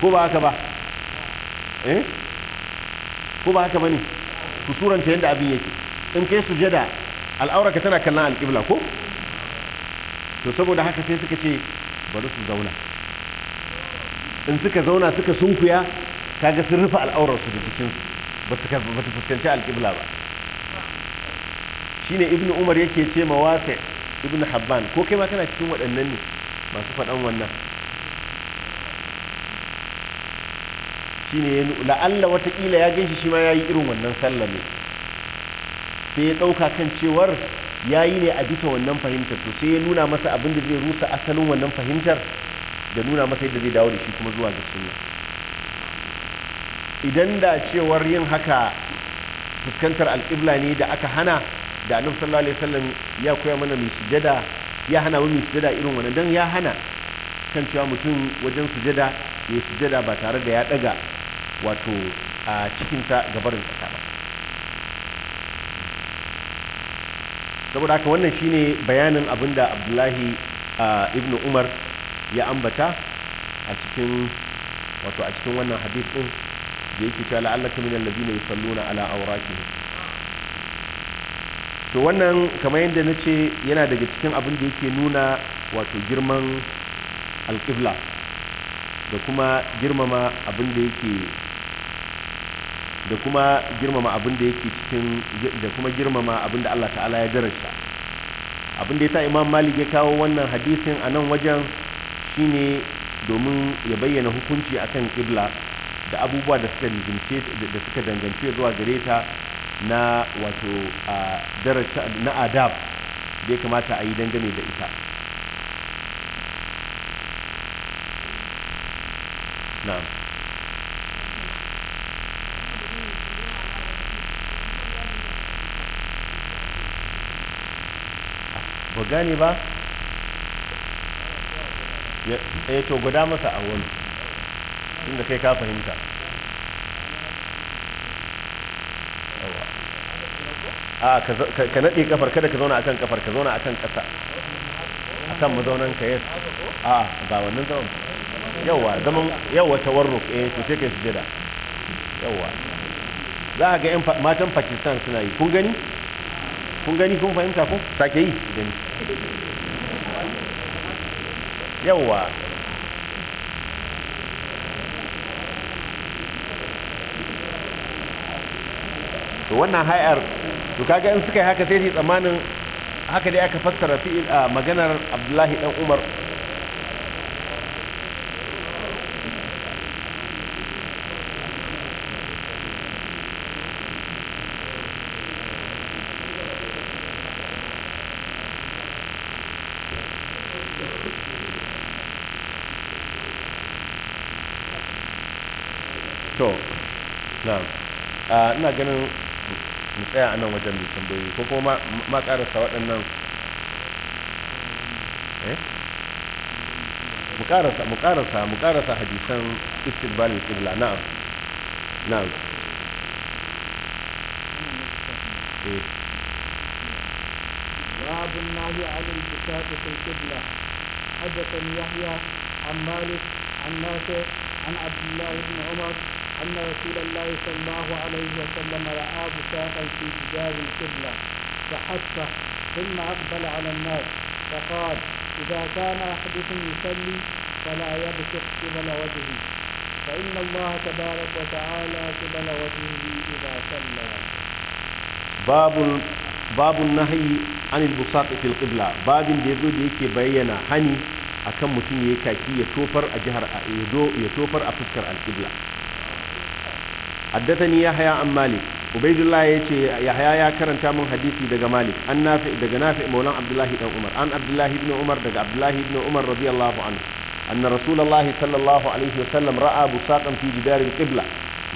ko ba haka ba eh ko ba haka bane ku suranta yadda abin yake in kai sujada al'aura ka tana kallon al'ibla ko to saboda haka sai suka ce bari su zauna in suka zauna suka sunkuya kaga sun rufe al'aurarsu da jikinsu ba ta fuskanci alƙibla ba shine ibnu umar yake ce ma wasa ibnu habban ko kai ma kana cikin waɗannan ne masu faɗan wannan shine ya la'alla watakila ya ganshi shi ma ya yi irin wannan sallame ne sai ya ɗauka kan cewar ya yi ne a bisa wannan fahimtar to sai ya nuna masa abin da zai rusa asalin wannan fahimtar da nuna masa yadda zai dawo da shi kuma zuwa ga sunna idan da cewar yin haka fuskantar alƙibla ne da aka hana da annabi sallallahu alaihi wasallam ya koya mana mai sujada ya hana mu mai sujada irin wannan dan ya hana kan cewa mutum wajen sujada ya sujada ba tare da ya daga wato a cikinsa gabarinsa saboda haka wannan shi ne bayanin abinda abdullahi ibn umar ya ambata a cikin wato a cikin wannan hadith din da yake cewa la'allaka min alladhina yusalluna ala awratihim to wannan kamar yadda na ce yana daga cikin abin da yake nuna wato girman alqibla da kuma girmama abin da yake da kuma girmama abin da yake cikin da kuma girmama abin da Allah ta'ala ya daraja abin da yasa imam malik ya kawo wannan hadisin a nan wajen shine domin ya bayyana hukunci akan kibla da abubuwa da suka da suka dangance zuwa gare ta na wato daraja na adab da ya kamata a yi dangane da ita na'am ba gani ba ya eh to guda masa a wani inda kai ka fahimta a ka naɗe kafar kada ka zauna akan kafar ka zauna akan ƙasa kan mazaunan ka yes a ba wannan zaun yawa zaman yawa tawarruk eh to sai kai sujada yawa za a ga matan pakistan suna yi kun gani kun gani kun fahimta ko sake yi gani yawwa to wannan hayar to kaga in suka yi haka sai ne tsammanin haka dai aka fassara a maganar abdullahi dan umar to na'am ah, ina ganin mu tsaya a nan wajen bikin bai ko kuma ma karasa waɗannan eh? mu karasa mu karasa mu karasa hadisan istidbalin kibla na na باب النهي عن الكتاب في القبلة حدث يحيى عن مالك عن نافع عن عبد الله بن عمر أن رسول الله صلى الله عليه وسلم رأى بساقا في تجار القبلة فحثه ثم أقبل على الناس فقال إذا كان أحدكم يصلي فلا يبصق قبل وجهه فإن الله تبارك وتعالى قبل وجهه إذا صلى باب باب النهي عن البساط في القبلة باب ديزو ديكي بينا هني akan mutum ya yi kaki ya tofar a jihar ya tofar a fuskar alƙibla haddathani yahya an malik ubaidullah ya ce yahya ya karanta min hadisi daga malik an nafi daga nafi maulan abdullahi dan umar an abdullahi ibn umar daga abdullahi ibn umar radiyallahu anhu anna rasulullah sallallahu alaihi wasallam ra'a busaqan fi jidar al-qibla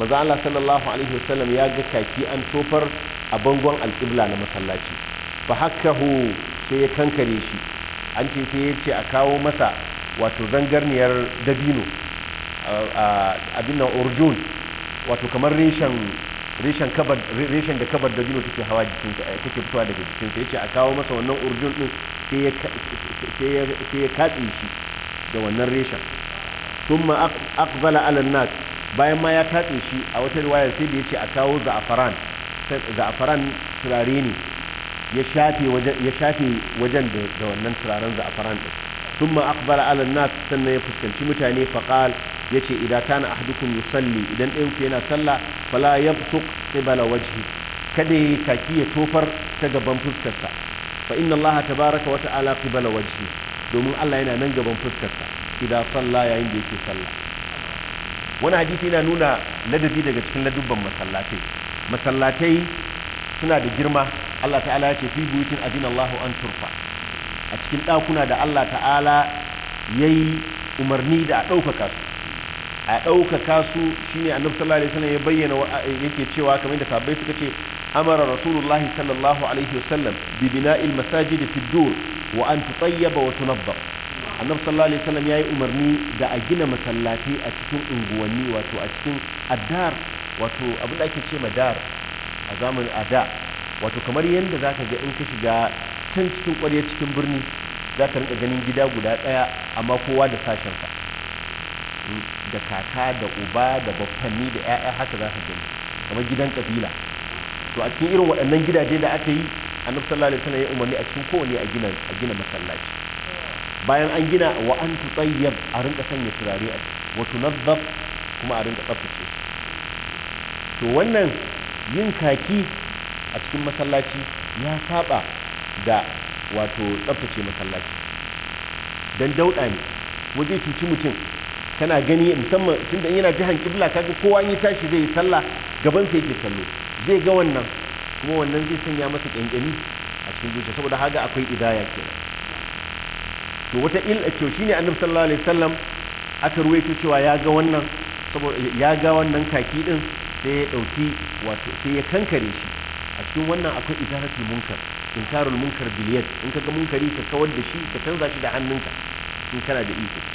maza Allah sallallahu alaihi wasallam ya ga kaki an tofar a bangon alƙibla na masallaci fa hakkahu sai ya kankare shi an ce sai ya a kawo masa wato zangarniyar dabino abin nan orjun. wato kamar reshen reshen da kabar da dino take hawa jikin eh, take fitowa daga jikin ya yace a kawo masa wannan urjun din sai ya katse shi da wannan reshen ma aqbala ala nas bayan ma ya katse shi a wata riwaya sai da yace a kawo za'afaran za'afaran turare ne ya shafe wajen da wannan turaren za'afaran din ma aqbala ala nas sannan ya fuskanci mutane faƙal ya ce idan kana ahadukum yusalli idan ɗayan ku yana sallah fala yabsuq qibala wajhi kada ya kaki ya tofar ta gaban fuskarsa fa inna allaha tabaraka wa ta'ala qibala wajihi domin Allah yana nan gaban fuskarsa idan sallah yayin da yake sallah wani hadisi yana nuna ladabi daga cikin ladubban masallatai masallatai suna da girma Allah ta'ala ya ce fi buyutin adina Allahu an turfa a cikin ɗakuna da Allah ta'ala ya yi umarni da a ɗaukaka su a ɗaukaka su shine annabi sallallahu alaihi wasallam ya bayyana yake cewa kamar da sabai suka ce amara rasulullahi sallallahu alaihi wasallam bi bina'il masajid fi dur wa an tutayyaba wa tunabba annabi sallallahu alaihi wasallam yayi umarni da a gina masallati a cikin unguwanni wato a cikin addar wato abin da ake ce madar a zamanin ada wato kamar yadda zaka ga in ka shiga can cikin ƙwaryar cikin birni za ka rinka ganin gida guda ɗaya amma kowa da sashensa hmm. da kaka da uba da baffanni da 'ya'ya haka za ka gani kamar gidan kabila to a cikin irin waɗannan gidaje da aka yi annabi sallallahu alaihi wasallam ya umarni a cikin kowanne a gina a gina masallaci bayan an gina wa an tutayyab a rinka sanya turare a ciki wa tunazzab kuma a rinka tsaftace to wannan yin kaki a cikin masallaci ya saba da wato tsaftace masallaci don dauɗa ne zai cuci mutum kana gani musamman tunda yana jihar kibla kaga kowa yi tashi zai yi sallah gaban sai yake kallo zai ga wannan kuma wannan zai sanya masa kyankyami a cikin zuciya saboda haga akwai idaya kenan to wata illa to shine annabi sallallahu alaihi wasallam aka ruwaito cewa ya ga wannan saboda ya ga wannan kaki din sai ya dauki wato sai ya kankare shi a cikin wannan akwai idaratul munkar inkarul munkar biliyat in kaga munkari ka kawar da shi ka canza shi da hannunka in kana da iko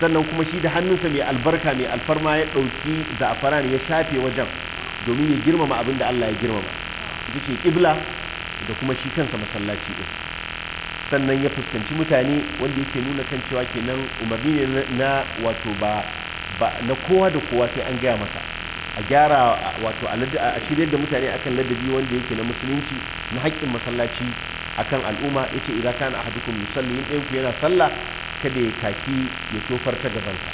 sannan kuma shi da hannunsa mai albarka mai alfarma ya ɗauki za'afaran ya shafe wajen domin ya girmama abin da Allah ya girmama ita ce ƙibla da kuma shi kansa masallaci ɗin sannan ya fuskanci mutane wanda yake nuna kan cewa kenan umarni ne na wato ba na kowa da kowa sai an gaya masa a gyara wato a shirya da mutane akan ladabi wanda yake na musulunci na haƙƙin masallaci akan al'umma ya ce idan kana ahadukum yusalli in ɗayan ku yana sallah kada ya kaki ya tofar ta gabansa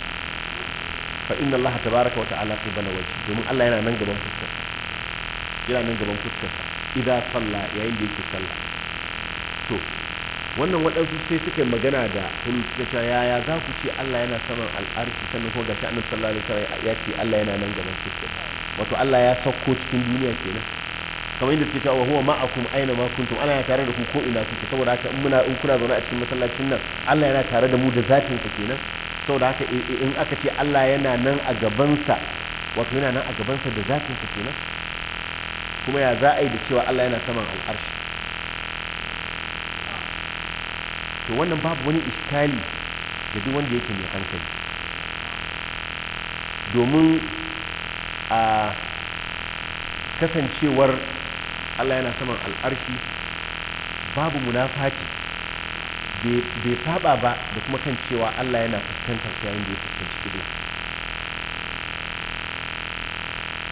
fa inna allaha tabaraka wa ta'ala qibala wajhi domin Allah yana nan gaban fuskarsa yana nan gaban fuskarsa idza salla yayin da yake salla to wannan waɗansu sai suka yi magana da hulu suka ce yaya za ku ce Allah yana saman al'arshi sannan kuma gashi annabi sallallahu alaihi wasallam ya ce Allah yana nan gaban fuskarsa wato Allah ya sauko cikin duniya kenan kamar inda suke cewa huwa ma'akum aina ma kuntum Allah yana tare da ku ko ina kuke saboda haka in muna in kuna zaune a cikin masallacin nan Allah yana tare da mu da zatin sa kenan saboda haka eh, eh, in aka ce Allah yana nan a gaban sa wato yana nan a gaban sa da zatin sa kenan kuma ya za a yi da cewa Allah yana saman al'arshi to wannan babu wani iskali da duk wanda yake mai hankali domin a ah, kasancewar Allah yana saman al'arshi babu munafaci bai saba ba da kuma kan cewa Allah yana fuskantar ta yayin da ya fuskanci kibla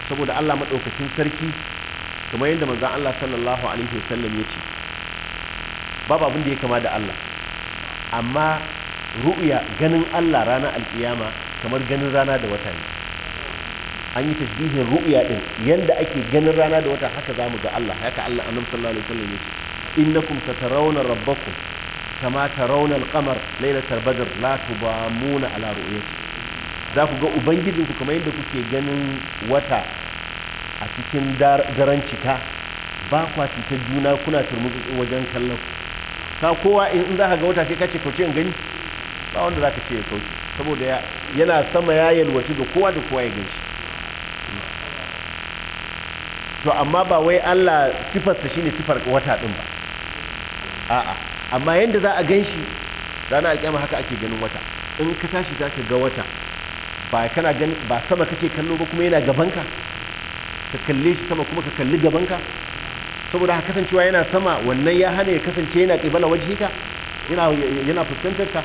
saboda Allah maɗaukakin sarki kamar yadda manzon Allah sallallahu alaihi wasallam ya ce babu abin da ya kama da Allah amma ru'ya ganin Allah rana alkiyama kamar ganin rana da wata ne an yi tasbihin ru'ya din yanda ake ganin rana da wata haka zamu ga Allah haka Allah annabi sallallahu alaihi wasallam yace innakum satarawna rabbakum kama tarawna al-qamar laylatal badr la tubamuna ala ru'yati za ku ga ubangijin ku kamar yadda kuke ganin wata a cikin daren cika ba kwa cikin juna kuna turmutsu wajen kallon ka kowa in za ka ga wata sai ka ce kauce in gani ba wanda za ka ce ya kauce saboda yana sama ya yalwaci ga kowa da kowa ya gani to amma ba wai Allah sifarsa shine sifar wata din ba a'a amma yanda za a gan shi ranar alƙyama haka ake ganin wata in ka tashi za ka ga wata ba kana gani ba sama kake kallo ba kuma yana gabanka ka kalle shi sama kuma ka kalli gabanka saboda kasancewa yana sama wannan ya hana ya kasance yana ƙibala waje ka yana fuskantar ka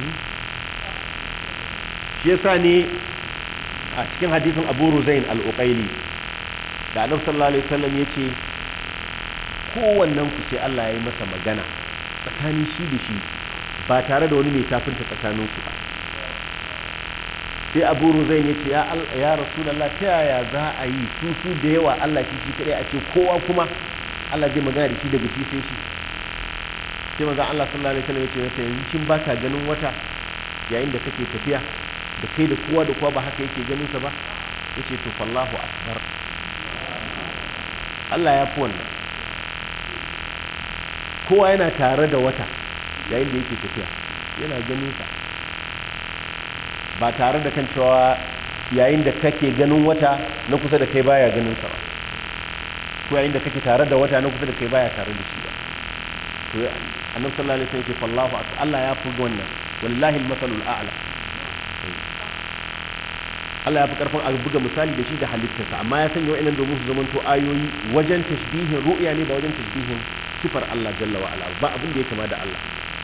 hmm? shi yasa ne a cikin hadisin abu ruzain al'uƙaili da annabi sallallahu alaihi wasallam ya ce kowannen ku sai Allah ya yi masa magana tsakanin shi da shi ba tare da wani mai tafinta tsakanin su ba sai abu ruzain ya ce ya rasulallah ta yaya za a yi su su da yawa Allah shi shi kadai a ce kowa kuma Allah zai magana da shi daga shi sai shi sai maza Allah sallallahu alaihi wasallam ya ce masa yanzu shin baka ganin wata yayin da kake tafiya da kai da kowa da kowa ba haka yake ganin sa ba ce to fallahu akbar Allah ya fi wannan kowa yana tare da wata yayin da yake tafiya yana ganin sa ba tare da kan cewa yayin da kake ganin wata na kusa da kai baya ganin sa ba ko yayin da kake tare da wata na kusa da kai baya tare da shi ba to annabi sallallahu alaihi wasallam ya ce fallahu akbar Allah ya fi wannan wallahi al-masalul a'la Allah ya fi karfin a buga misali da shi da halittarsa amma ya sanya wa'annan domin su zamanto ayoyi wajen tashbihin ru'ya ne ba wajen tashbihin sifar Allah jalla wa ala ba abin da ya kama da Allah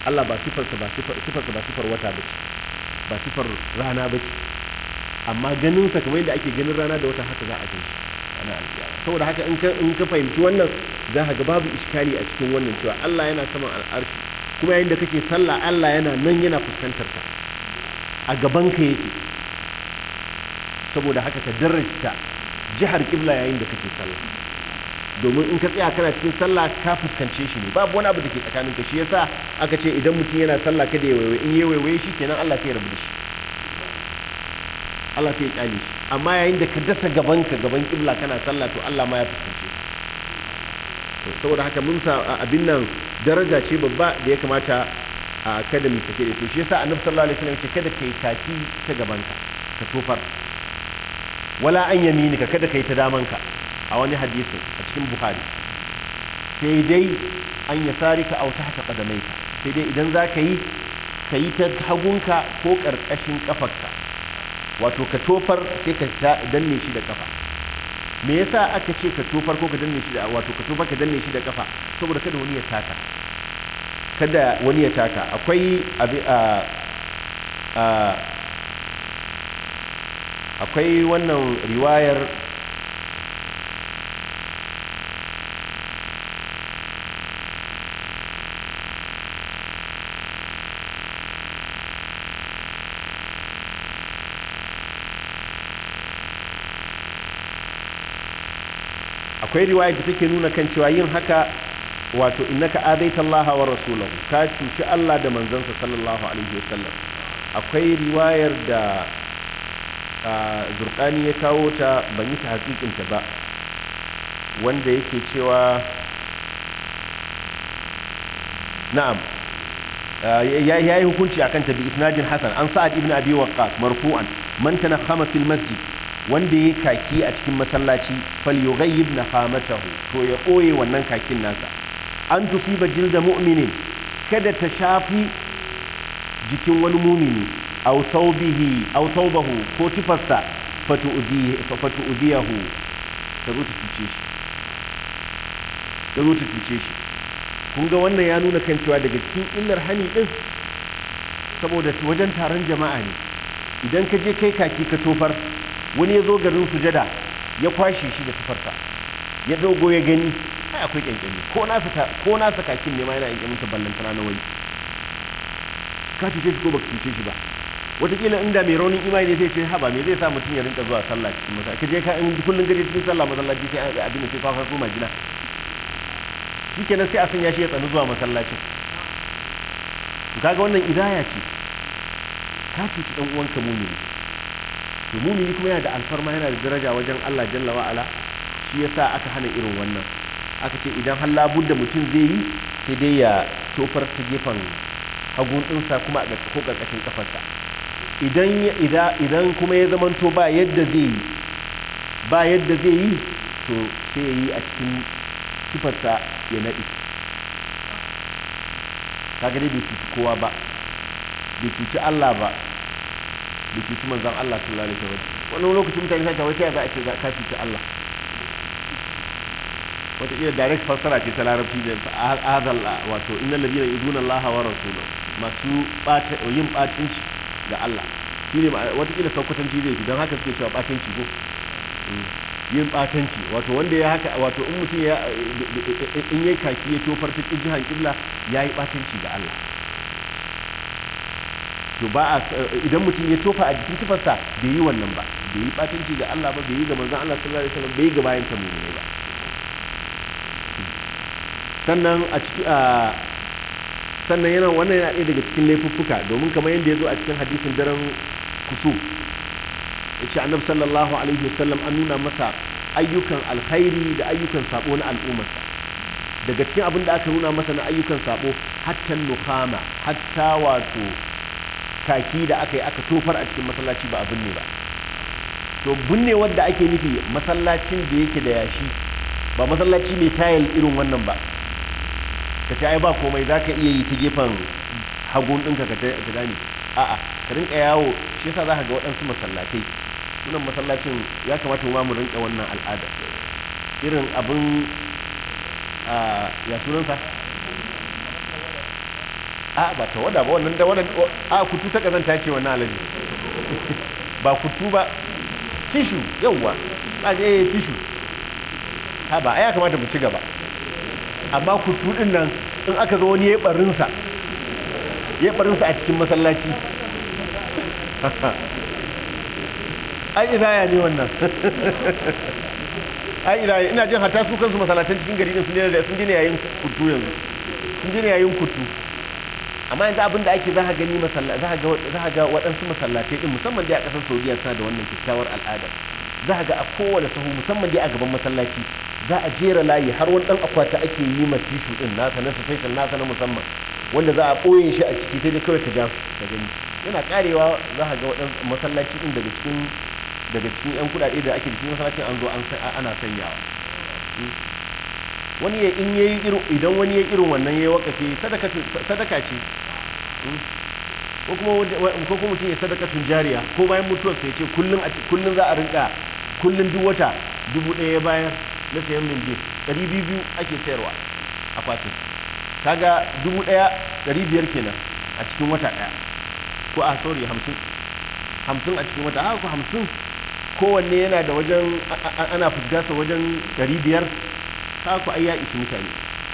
Allah ba sifarsa ba sifar ba sifar wata ba sifar rana ba ce amma ganin sa kamar yadda ake ganin rana da wata haka za a gan shi ana alƙiyama saboda haka in ka in ka fahimci wannan za ka ga babu iskali a cikin wannan cewa Allah yana saman al'arshi kuma yayin da kake sallah Allah yana nan yana fuskantar ka a gabanka yake saboda haka ka darajta jihar kibla yayin da kake sallah domin in ka tsaya kana cikin sallah ka fuskance shi ne babu wani abu da ke tsakanin ka shi yasa aka ce idan mutum yana sallah kada ya waiwaye in ya waiwaye shi kenan Allah sai ya rabu da shi Allah sai ya kyale shi amma yayin da ka dasa gaban ka gaban kibla kana sallah to Allah ma ya fuskance saboda haka mun sa abin nan daraja ce babba da ya kamata a kada mu sake da to shi yasa annabi sallallahu alaihi wasallam ce kada kai kaki ta gabanka ka tofar wala an ka kada kai ta damanka a wani hadisi a cikin buhari sai dai an yasarika aw tahta ka sai dai idan za ka yi ka yi ta hagunka ko ƙarƙashin ƙafarka wato ka tofar sai ka danne shi da ƙafa me yasa aka ce ka tofar ko ka danne shi da wato ka tofar ka danne shi da ƙafa saboda kada wani ya taka kada wani ya taka akwai akwai wannan riwayar akwai riwayar da take nuna kan cewa yin haka wato innaka adaita Allah wa rasulahu ka cuci Allah da manzansa sallallahu alaihi wasallam akwai riwayar da zurkani ya kawo ta ban yi ta hakikinta ba wanda yake cewa na'am ya yi hukunci a kanta bi isnadin hasan an sa'ad ibn abi waqqas marfu'an man tanakhama fil masjid wanda ya kaki a cikin masallaci falyughayyib nakhamatahu to ya ɓoye wannan kakin nasa an tusiba jilda mu'minin kada ta shafi jikin wani mumini aw thawbihi aw thawbahu ko tufarsa fatu'udiyahu ta zo ta cuce shi zo ta cuce shi kun ga wannan ya nuna kan cewa daga cikin illar hani din saboda wajen taron jama'a ne idan ka je kai kaki ka tofar wani ya zo garin sujada ya kwashe shi da tufarsa ya dogo ya gani akwai kyankyami ko nasa ko nasa kakin ne ma yana kyankyamin sa tana na wani ka cuce shi ko baka cuce shi ba wataƙila inda mai raunin imani ne sai ce haba me zai sa mutum ya rinka zuwa sallah cikin masallaci ka je ka in kullun gaje cikin sallah masallaci sai an abin da sai kwakwar so majina shikenan sai a sanya shi ya tsani zuwa masallacin kaga wannan idaya ce ka cuci dan uwanka mumini to mumini kuma yana da alfarma yana da daraja wajen Allah jalla wa ala shi yasa aka hana irin wannan aka ce idan har da mutum zai yi sai dai ya tofar ta gefen hagun ɗinsa kuma a ko ƙarƙashin ƙafarsa idan kuma ya zamanto ba yadda zai yi ba yadda zai yi to sai ya yi a cikin kifarsa ya naɗi kaga dai bai cuci kowa ba bai cuci Allah ba bai cuci manzan Allah sallallahu alaihi wasallam wani lokacin mutane sai ta wata ya za a ce ka cuci Allah wataƙila direct fassara ce ta larabci da azalla wato inna ladina yuduna allaha wa rasuluhu masu yin batinci ga Allah shine wataƙila sakkwatanci zai fi don haka suke cewa batinci ko hmm. yin batanci wato wanda ya haka wato in mutum ya in yayi kaki ya tofar ta jihan kibla yayi batanci ga Allah to ba a idan mutum ya tofa a jikin tufarsa bai yi wannan ba bai yi batanci ga Allah ba bai yi ga manzon Allah sallallahu alaihi wasallam bai yi ga bayan sa ne ba sannan a a sannan yana wannan yana ɗaya daga cikin laifuffuka domin kamar yadda ya zo a cikin hadisin daren kusu ya ce annabi sallallahu alaihi wasallam an nuna masa ayyukan alkhairi da ayyukan sabo na al'ummarsa daga cikin abin da aka nuna masa na ayyukan sabo hatta nukama hatta wato kaki da aka yi aka tofar a cikin masallaci ba abin ne ba to binne wanda ake nufi masallacin da yake da yashi ba masallaci mai tayal irin wannan ba ka ce ai ba komai za ka iya yi ta gefen hagun ɗinka ka dami a'a ka rinka yawo shi yasa za ka ga waɗansu masallatai sunan masallacin ya kamata ma mu rinka wannan al'ada irin abin ya sunansa a ba ta wada ba wannan da wannan a kutu ta kazanta ce wannan alaji ba kutu ba tishu yawwa a je eh, tishu ha ba ya kamata mu ci gaba amma kutu din nan in aka zo wani ya yabarinsa a cikin masallaci ai idaya ne wannan ai idaya ina jin hata su kansu masallatan cikin gari din sun dena da sun dena yayin kutu yanzu sun dena yayin kutu amma yanzu abinda ake za ka gani za ka ga waɗansu masallatai din musamman dai a ƙasar saudiya suna da wannan kyakkyawar al'ada za ka ga a kowane sahu musamman dai a gaban masallaci za a jera layi har wani dan akwata ake yi ma tishu din nasa na special nasa na musamman wanda za a ɓoye shi a ciki sai dai kawai ka ja ka gani yana karewa za a ga wadan masallaci din daga cikin daga cikin yan kudade da ake da cikin masallacin an zo ana sanyawa wani ya in yayi irin idan wani ya irin wannan yayi wakafi sadaka sadaka ce ko kuma ko kuma mutum ya sadaka tun jariya ko bayan mutuwarsa ya ce kullum za a rinka kullum duk wata dubu ɗaya bayan na sayan rinjin ɗari biyu biyu ake sayarwa fatin kaga dubu ɗaya ɗari biyar kenan a cikin wata ɗaya ko a ah, sorry hamsin hamsin a cikin wata haka ah, ko hamsin kowanne yana da wajen ana fusgasa wajen ɗari biyar ta ai ya isi mutane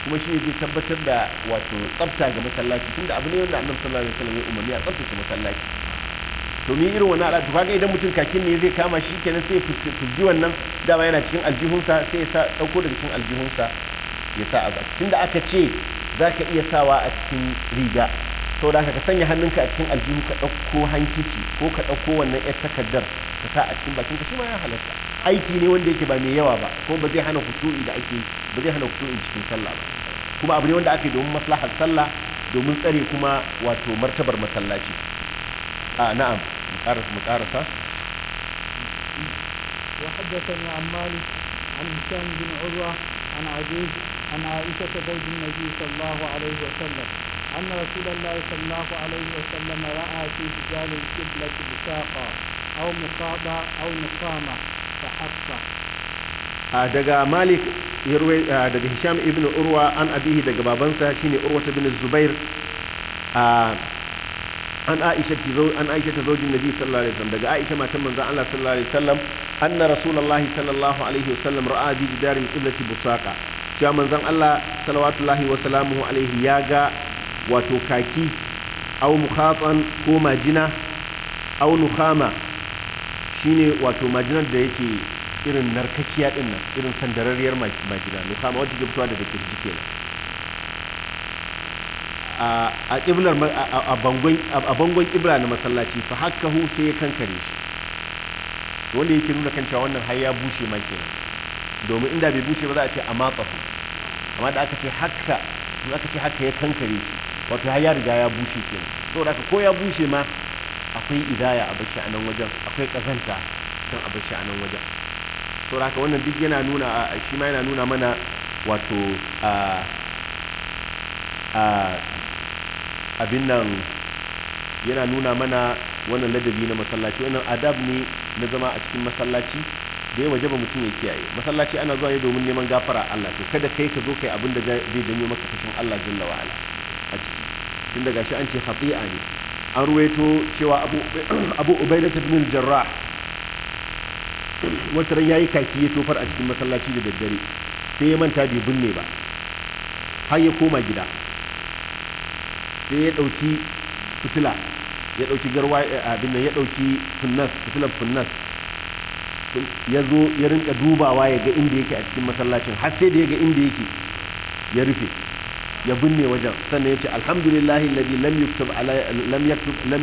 kuma shi ne zai tabbatar da wato tsafta ga masallaci tunda abu ne wanda annabi sallallahu alaihi wasallam ya umarni a tsaftace masallaci domin irin wannan al'adu kaga idan mutum kakin ne zai kama shi kenan sai fuzgi wannan dama yana cikin aljihunsa sai ya sa ɗauko daga cikin aljihunsa ya sa a baki tunda aka ce za ka iya sawa a cikin riga sau da ka sanya hannunka a cikin aljihu ka ɗauko hankici ko ka ɗauko wannan yar takardar ka sa a cikin ka shi ma ya halatta aiki ne wanda yake ba mai yawa ba ko ba zai hana kushu'i da ake ba zai hana kushu'i cikin sallah ba kuma abu ne wanda ake domin maslahar sallah domin tsare kuma wato martabar masallaci a ah, na'am mu karasa وحدثني عن مالك عن هشام بن عروة عن عزيز عن عائشة زوج النبي صلى الله عليه وسلم أن رسول الله صلى الله عليه وسلم رأى في رجال القبلة بساقا أو مقابة أو مقامة فحقه daga malik daga hisham ibn urwa an abihi daga babansa shine urwa ibn zubair an aisha an aisha ta zaujin nabi sallallahu alaihi wasallam daga aisha matan manzon Allah sallallahu alaihi wasallam anna rasulullahi sallallahu alaihi wasallam ra'a bi jidarin qiblati busaqa cewa manzon Allah salawatullahi wa salamuhu alaihi ya ga wato kaki aw mukhatan ko majina aw nukhama shine wato majinar da yake irin narkakiya din nan irin sandarariyar majina nukhama wacce ke fitowa daga kirji kenan a ƙiblar a bangon ƙibla na masallaci fa hakkahu sai ya kankare shi wanda yake nuna kan cewa wannan har ya bushe ma kenan domin inda bai bushe ba za a ce a matsafu amma da aka ce hakka in aka ce hakka ya kankare shi wato har ya riga ya bushe kenan saboda haka ko ya bushe ma akwai idaya a bashi a nan wajen akwai kazanta don a bashi a nan wajen saboda aka wannan duk yana nuna shi ma yana nuna mana wato a abin nan yana nuna mana wannan ladabi na masallaci wannan adab ne na zama a cikin masallaci da ya waje ba mutum ya kiyaye masallaci ana zuwa ne domin neman gafara Allah to kada kai ka zo kai abin da zai janyo maka fashin Allah jalla wa ala a ciki tun daga shi an ce khati'a ne an ruwaito cewa abu abu ubaidah ta al-jarrah wata ran yayi kaki ya tofar a cikin masallaci da daddare sai ya manta bai binne ba har ya koma gida sai ya ɗauki fitila ya ɗauki garwa eh, abin nan ya ɗauki funnas fitilar funnas ya zo ya rinka dubawa ya ga inda yake a cikin masallacin har sai da ya ga inda yake ya rufe ya binne wajen sannan ya ce alhamdulillah alladhi lam yaktub lam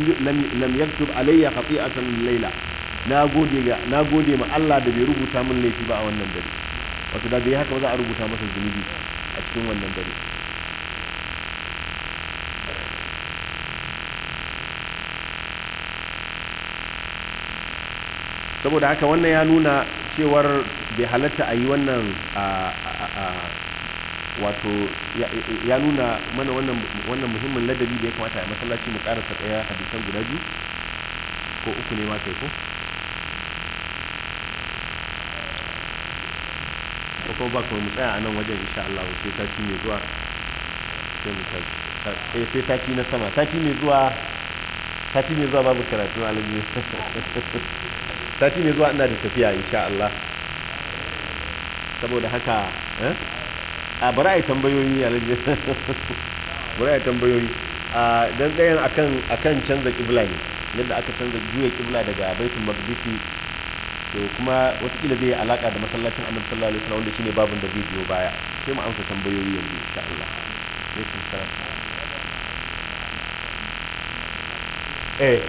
lam yaktub alayya khati'atan layla na gode na gode ma Allah da bai rubuta min laifi ba a wannan dare wato da bai haka ba za a rubuta masa zunubi a cikin wannan dare saboda haka wannan ya nuna cewar bai halatta a yi wannan wato ya nuna mana wannan muhimmin ladabi da ya kamata a masallaci mu karasa daya hadisan guda biyu ko uku ne ma ko ko kuma ba kuma mu tsaya a nan wajen insha Allah sai sati mai zuwa sai mu tashi eh, sai sati na sama sati mai zuwa sati mai zuwa babu karatu alaji sati mai zuwa ina da tafiya insha Allah saboda haka eh? a bari a yi tambayoyi lalje bari a yi tambayoyi a don ɗayan akan canza kibla ne yadda aka canza juya kibla daga baitul maqdisi to kuma watakila zai yi alaka da masallacin annabi sallallahu alaihi wasallam wanda shine babin da zai biyo baya sai mu amsa tambayoyi yanzu insha Allah alaikum salam eh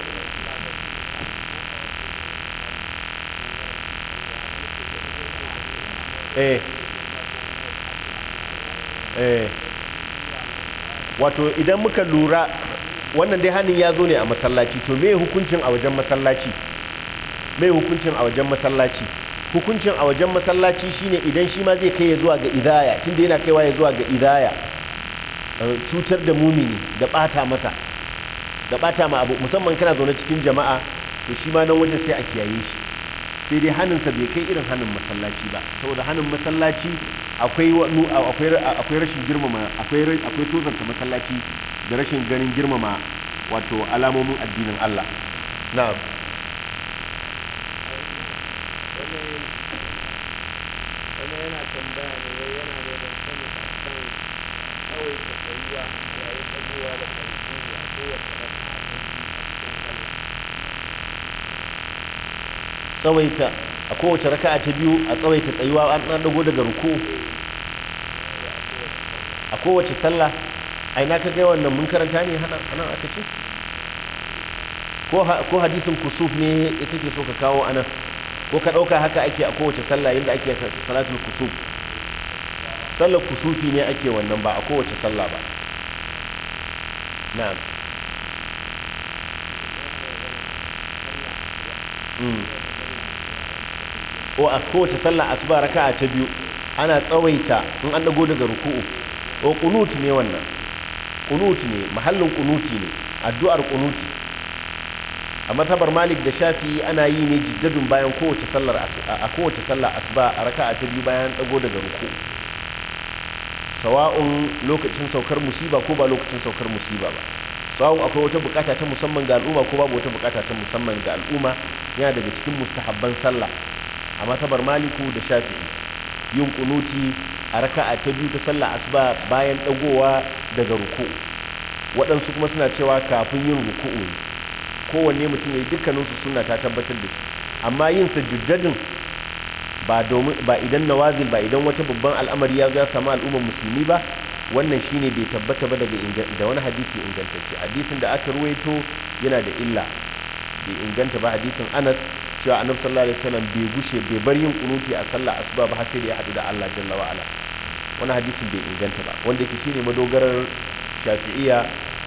eh eh wato idan muka lura wannan dai hannun ya zo ne a masallaci to me hukuncin a wajen masallaci me hukuncin a wajen masallaci hukuncin a wajen masallaci shine idan shi ma zai kai ya zuwa ga idaya tunda yana kaiwa ya zuwa ga idaya eh, cutar da mumini da bata masa da bata ma abu musamman kana zaune cikin jama'a to shi ma nan wajen sai a kiyaye shi sai dai sa bai kai irin hannun masallaci ba saboda hannun masallaci akwai akwai rashin girmama akwai akwai masallaci da rashin ganin girmama wato alamomin addinin Allah na'am yana yana da kawai da da tsawaita a kowace raka'a ta biyu a tsawaita tsayuwa an ɗan dago daga ruku a kowace sallah a ina ka gaiwa wannan mun karanta ne nan aka ce ko hadisin kusuf ne kake so ka kawo anan ko ka ɗauka haka ake a kowace sallah yadda ake salatul kusuf sallar kusufi ne ake wannan ba a kowace sallah ba na'am hmm. ko a kowace sallah asuba raka'a ta biyu ana tsawaita in an dago daga ruku'u ko kunut ne wannan kunut ne mahallin kunuti ne addu'ar kunuti a matabar malik da shafi ana yi ne jiddadun bayan kowace sallar a kowace sallar asuba a raka'a ta biyu bayan dago daga rukuu sawa'un lokacin saukar musiba ko ba lokacin saukar musiba ba sawa'un akwai wata bukata ta musamman ga al'umma ko babu wata bukata ta musamman ga al'umma yana daga cikin mustahabban sallah a matabar maliku da shafi'i yin kunuti a raka'a ta biyu ta sallah asuba bayan dagowa daga ruku'u waɗansu kuma suna cewa kafin yin ruku'u kowanne mutum ya yi dukkaninsu suna ta tabbatar da shi amma yin sajjadin ba domin ba idan nawazil ba idan wata babban al'amari ya zo ya samu al'ummar musulmi ba wannan shine bai tabbata ba daga da wani hadisi ingantacce hadisin da aka ruwaito yana da illa bai inganta ba hadisin Anas cewa annabi sallallahu alaihi wasallam bai gushe bai bar yin kunuti a sallar asuba ba har sai da ya haɗu da Allah jalla wa ala wani hadisin bai inganta ba wanda yake shine madogarar shafi'iya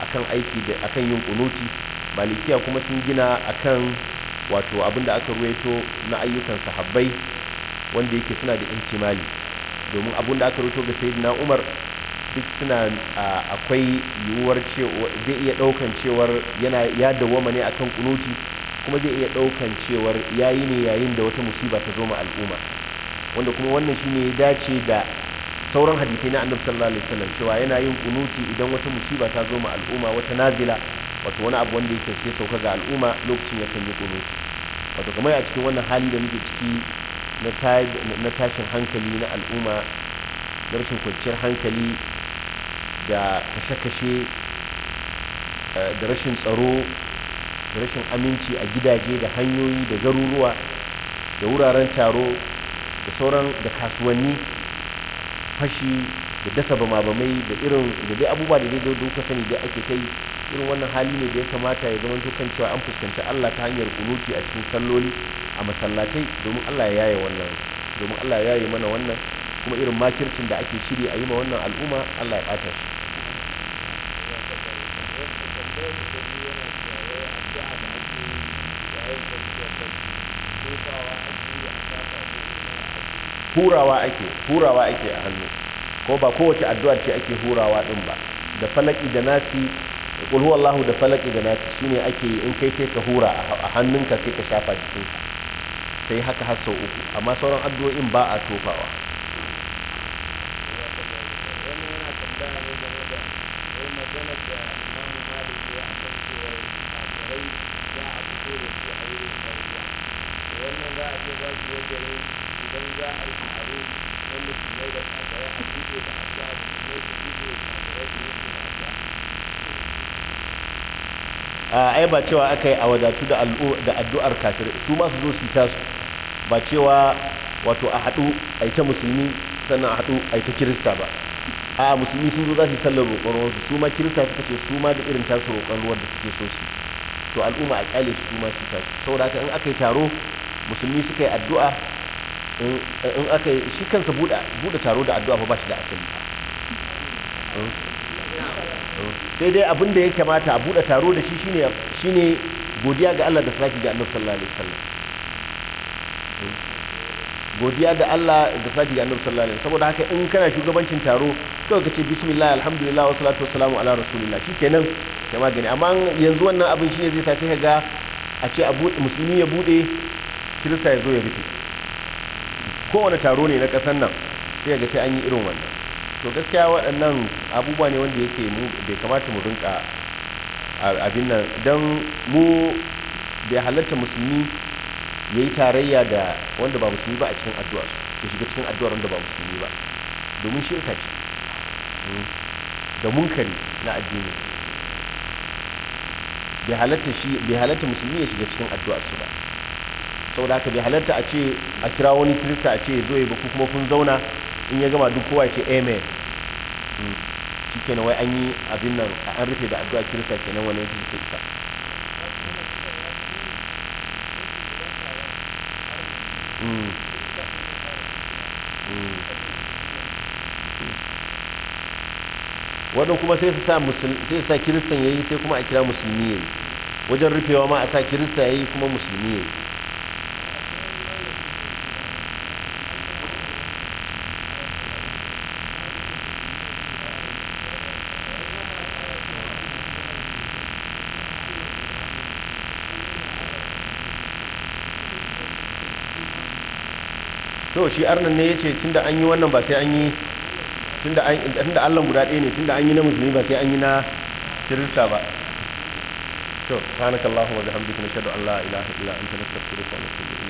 akan aiki da akan yin kunuti malikiya kuma sun gina akan wato abinda aka ruwaito na ayyukan sahabbai wanda yake suna da ihtimali domin abinda aka ruwaito ga na Umar duk suna akwai yiwuwar cewa zai iya daukan cewar yana ya dawwama ne kan kunuti kuma zai iya ɗaukan cewar yayi ne yayin da wata musiba ta zo ma al'umma wanda kuma wannan shine ya dace da sauran hadisai na annabi sallallahu alaihi wasallam cewa yana yin kunuti idan wata musiba ta zo ma al'umma wata nazila wato wani abu wanda yake sai sauka ga al'umma lokacin ya kan yi kunuti wato kamar a cikin wannan hali da muke ciki na tashin hankali na al'umma na rashin kwanciyar hankali da kashe-kashe eh, da rashin tsaro da rashin aminci a gidaje da hanyoyi da garuruwa da wuraren taro da sauran da kasuwanni fashi da dasa bamabamai da irin da dai abubuwa da dai doka sani da ake ta yi irin wannan hali ne da ya kamata ya zama kan cewa an fuskanci Allah ta hanyar kunuti a cikin salloli a masallatai domin Allah ya yaye wannan domin Allah ya yaye mana wannan kuma irin makircin da ake shiri a yi ma wannan al'umma Allah ya ɓata shi hurawa ake hurawa ake a hannu ko ba kowace addu'a ce ake hurawa din ba da falaki da nasi kul huwallahu da falaki da nasi shine ake yi in kai sai ka hura a hannunka sai ka shafa jikinka sai haka har sau uku amma sauran addu'o'in ba a tofawa Ah, ai ba cewa aka yi a wadatu da addu'ar kafir su masu zo su su ba cewa wato a haɗu a ta musulmi sannan a haɗu a ta kirista ba a musulmi sun zo za su yi sallar roƙon ruwansu su ma kirista suka ce su ma da irin tasu roƙon ruwan da suke so su to al'umma a kyale su ma su tasu saboda haka in aka yi taro musulmi suka yi addu'a in aka yi shi kansa buɗe taro da addu'a ba ba shi da asali ba hmm? sai dai abin da ya kamata a buɗe taro da shi shine godiya ga Allah da salati ga annabi sallallahu alaihi wasallam godiya ga Allah da salati ga annabi sallallahu alaihi saboda haka in kana shugabancin taro kawai ka ce bismillah alhamdulillah wa salatu wassalamu ala rasulillah shikenan ka magani amma yanzu wannan abin shine zai sace ka ga a ce musulmi ya bude kirista ya zo ya rufe kowane taro ne na kasan nan sai ga sai an yi irin wannan to gaskiya waɗannan abubuwa ne wanda yake mu bai kamata mu rinka abin nan don mu bai halatta musulmi ya yi tarayya da wanda ba musulmi ba a cikin su ya shiga cikin addu'ar wanda ba musulmi ba domin shirka ce hmm. da munkari na addini bai halatta musulmi ya shiga cikin addu'a su ba saboda haka bai halatta a ce a kira wani kirista a ce zo ya ba kuma kun zauna in ya gama duk kowa ce amen mm. shi na wai an yi abin nan an rufe da addu'a kirista kenan wani yanzu isa mm. mm. wadda kuma sai su sa kiristan yayi sai kuma a kira musulmi yayi wajen rufewa ma a sa kirista yayi kuma musulmi yayi to shi arnan ne ya ce tunda an yi wannan ba sai an yi tunda allon guda ɗaya ne tunda an yi na musulmi ba sai an yi na kirista ba to allahu wa bihamdika nashhadu an la ilaha illa anta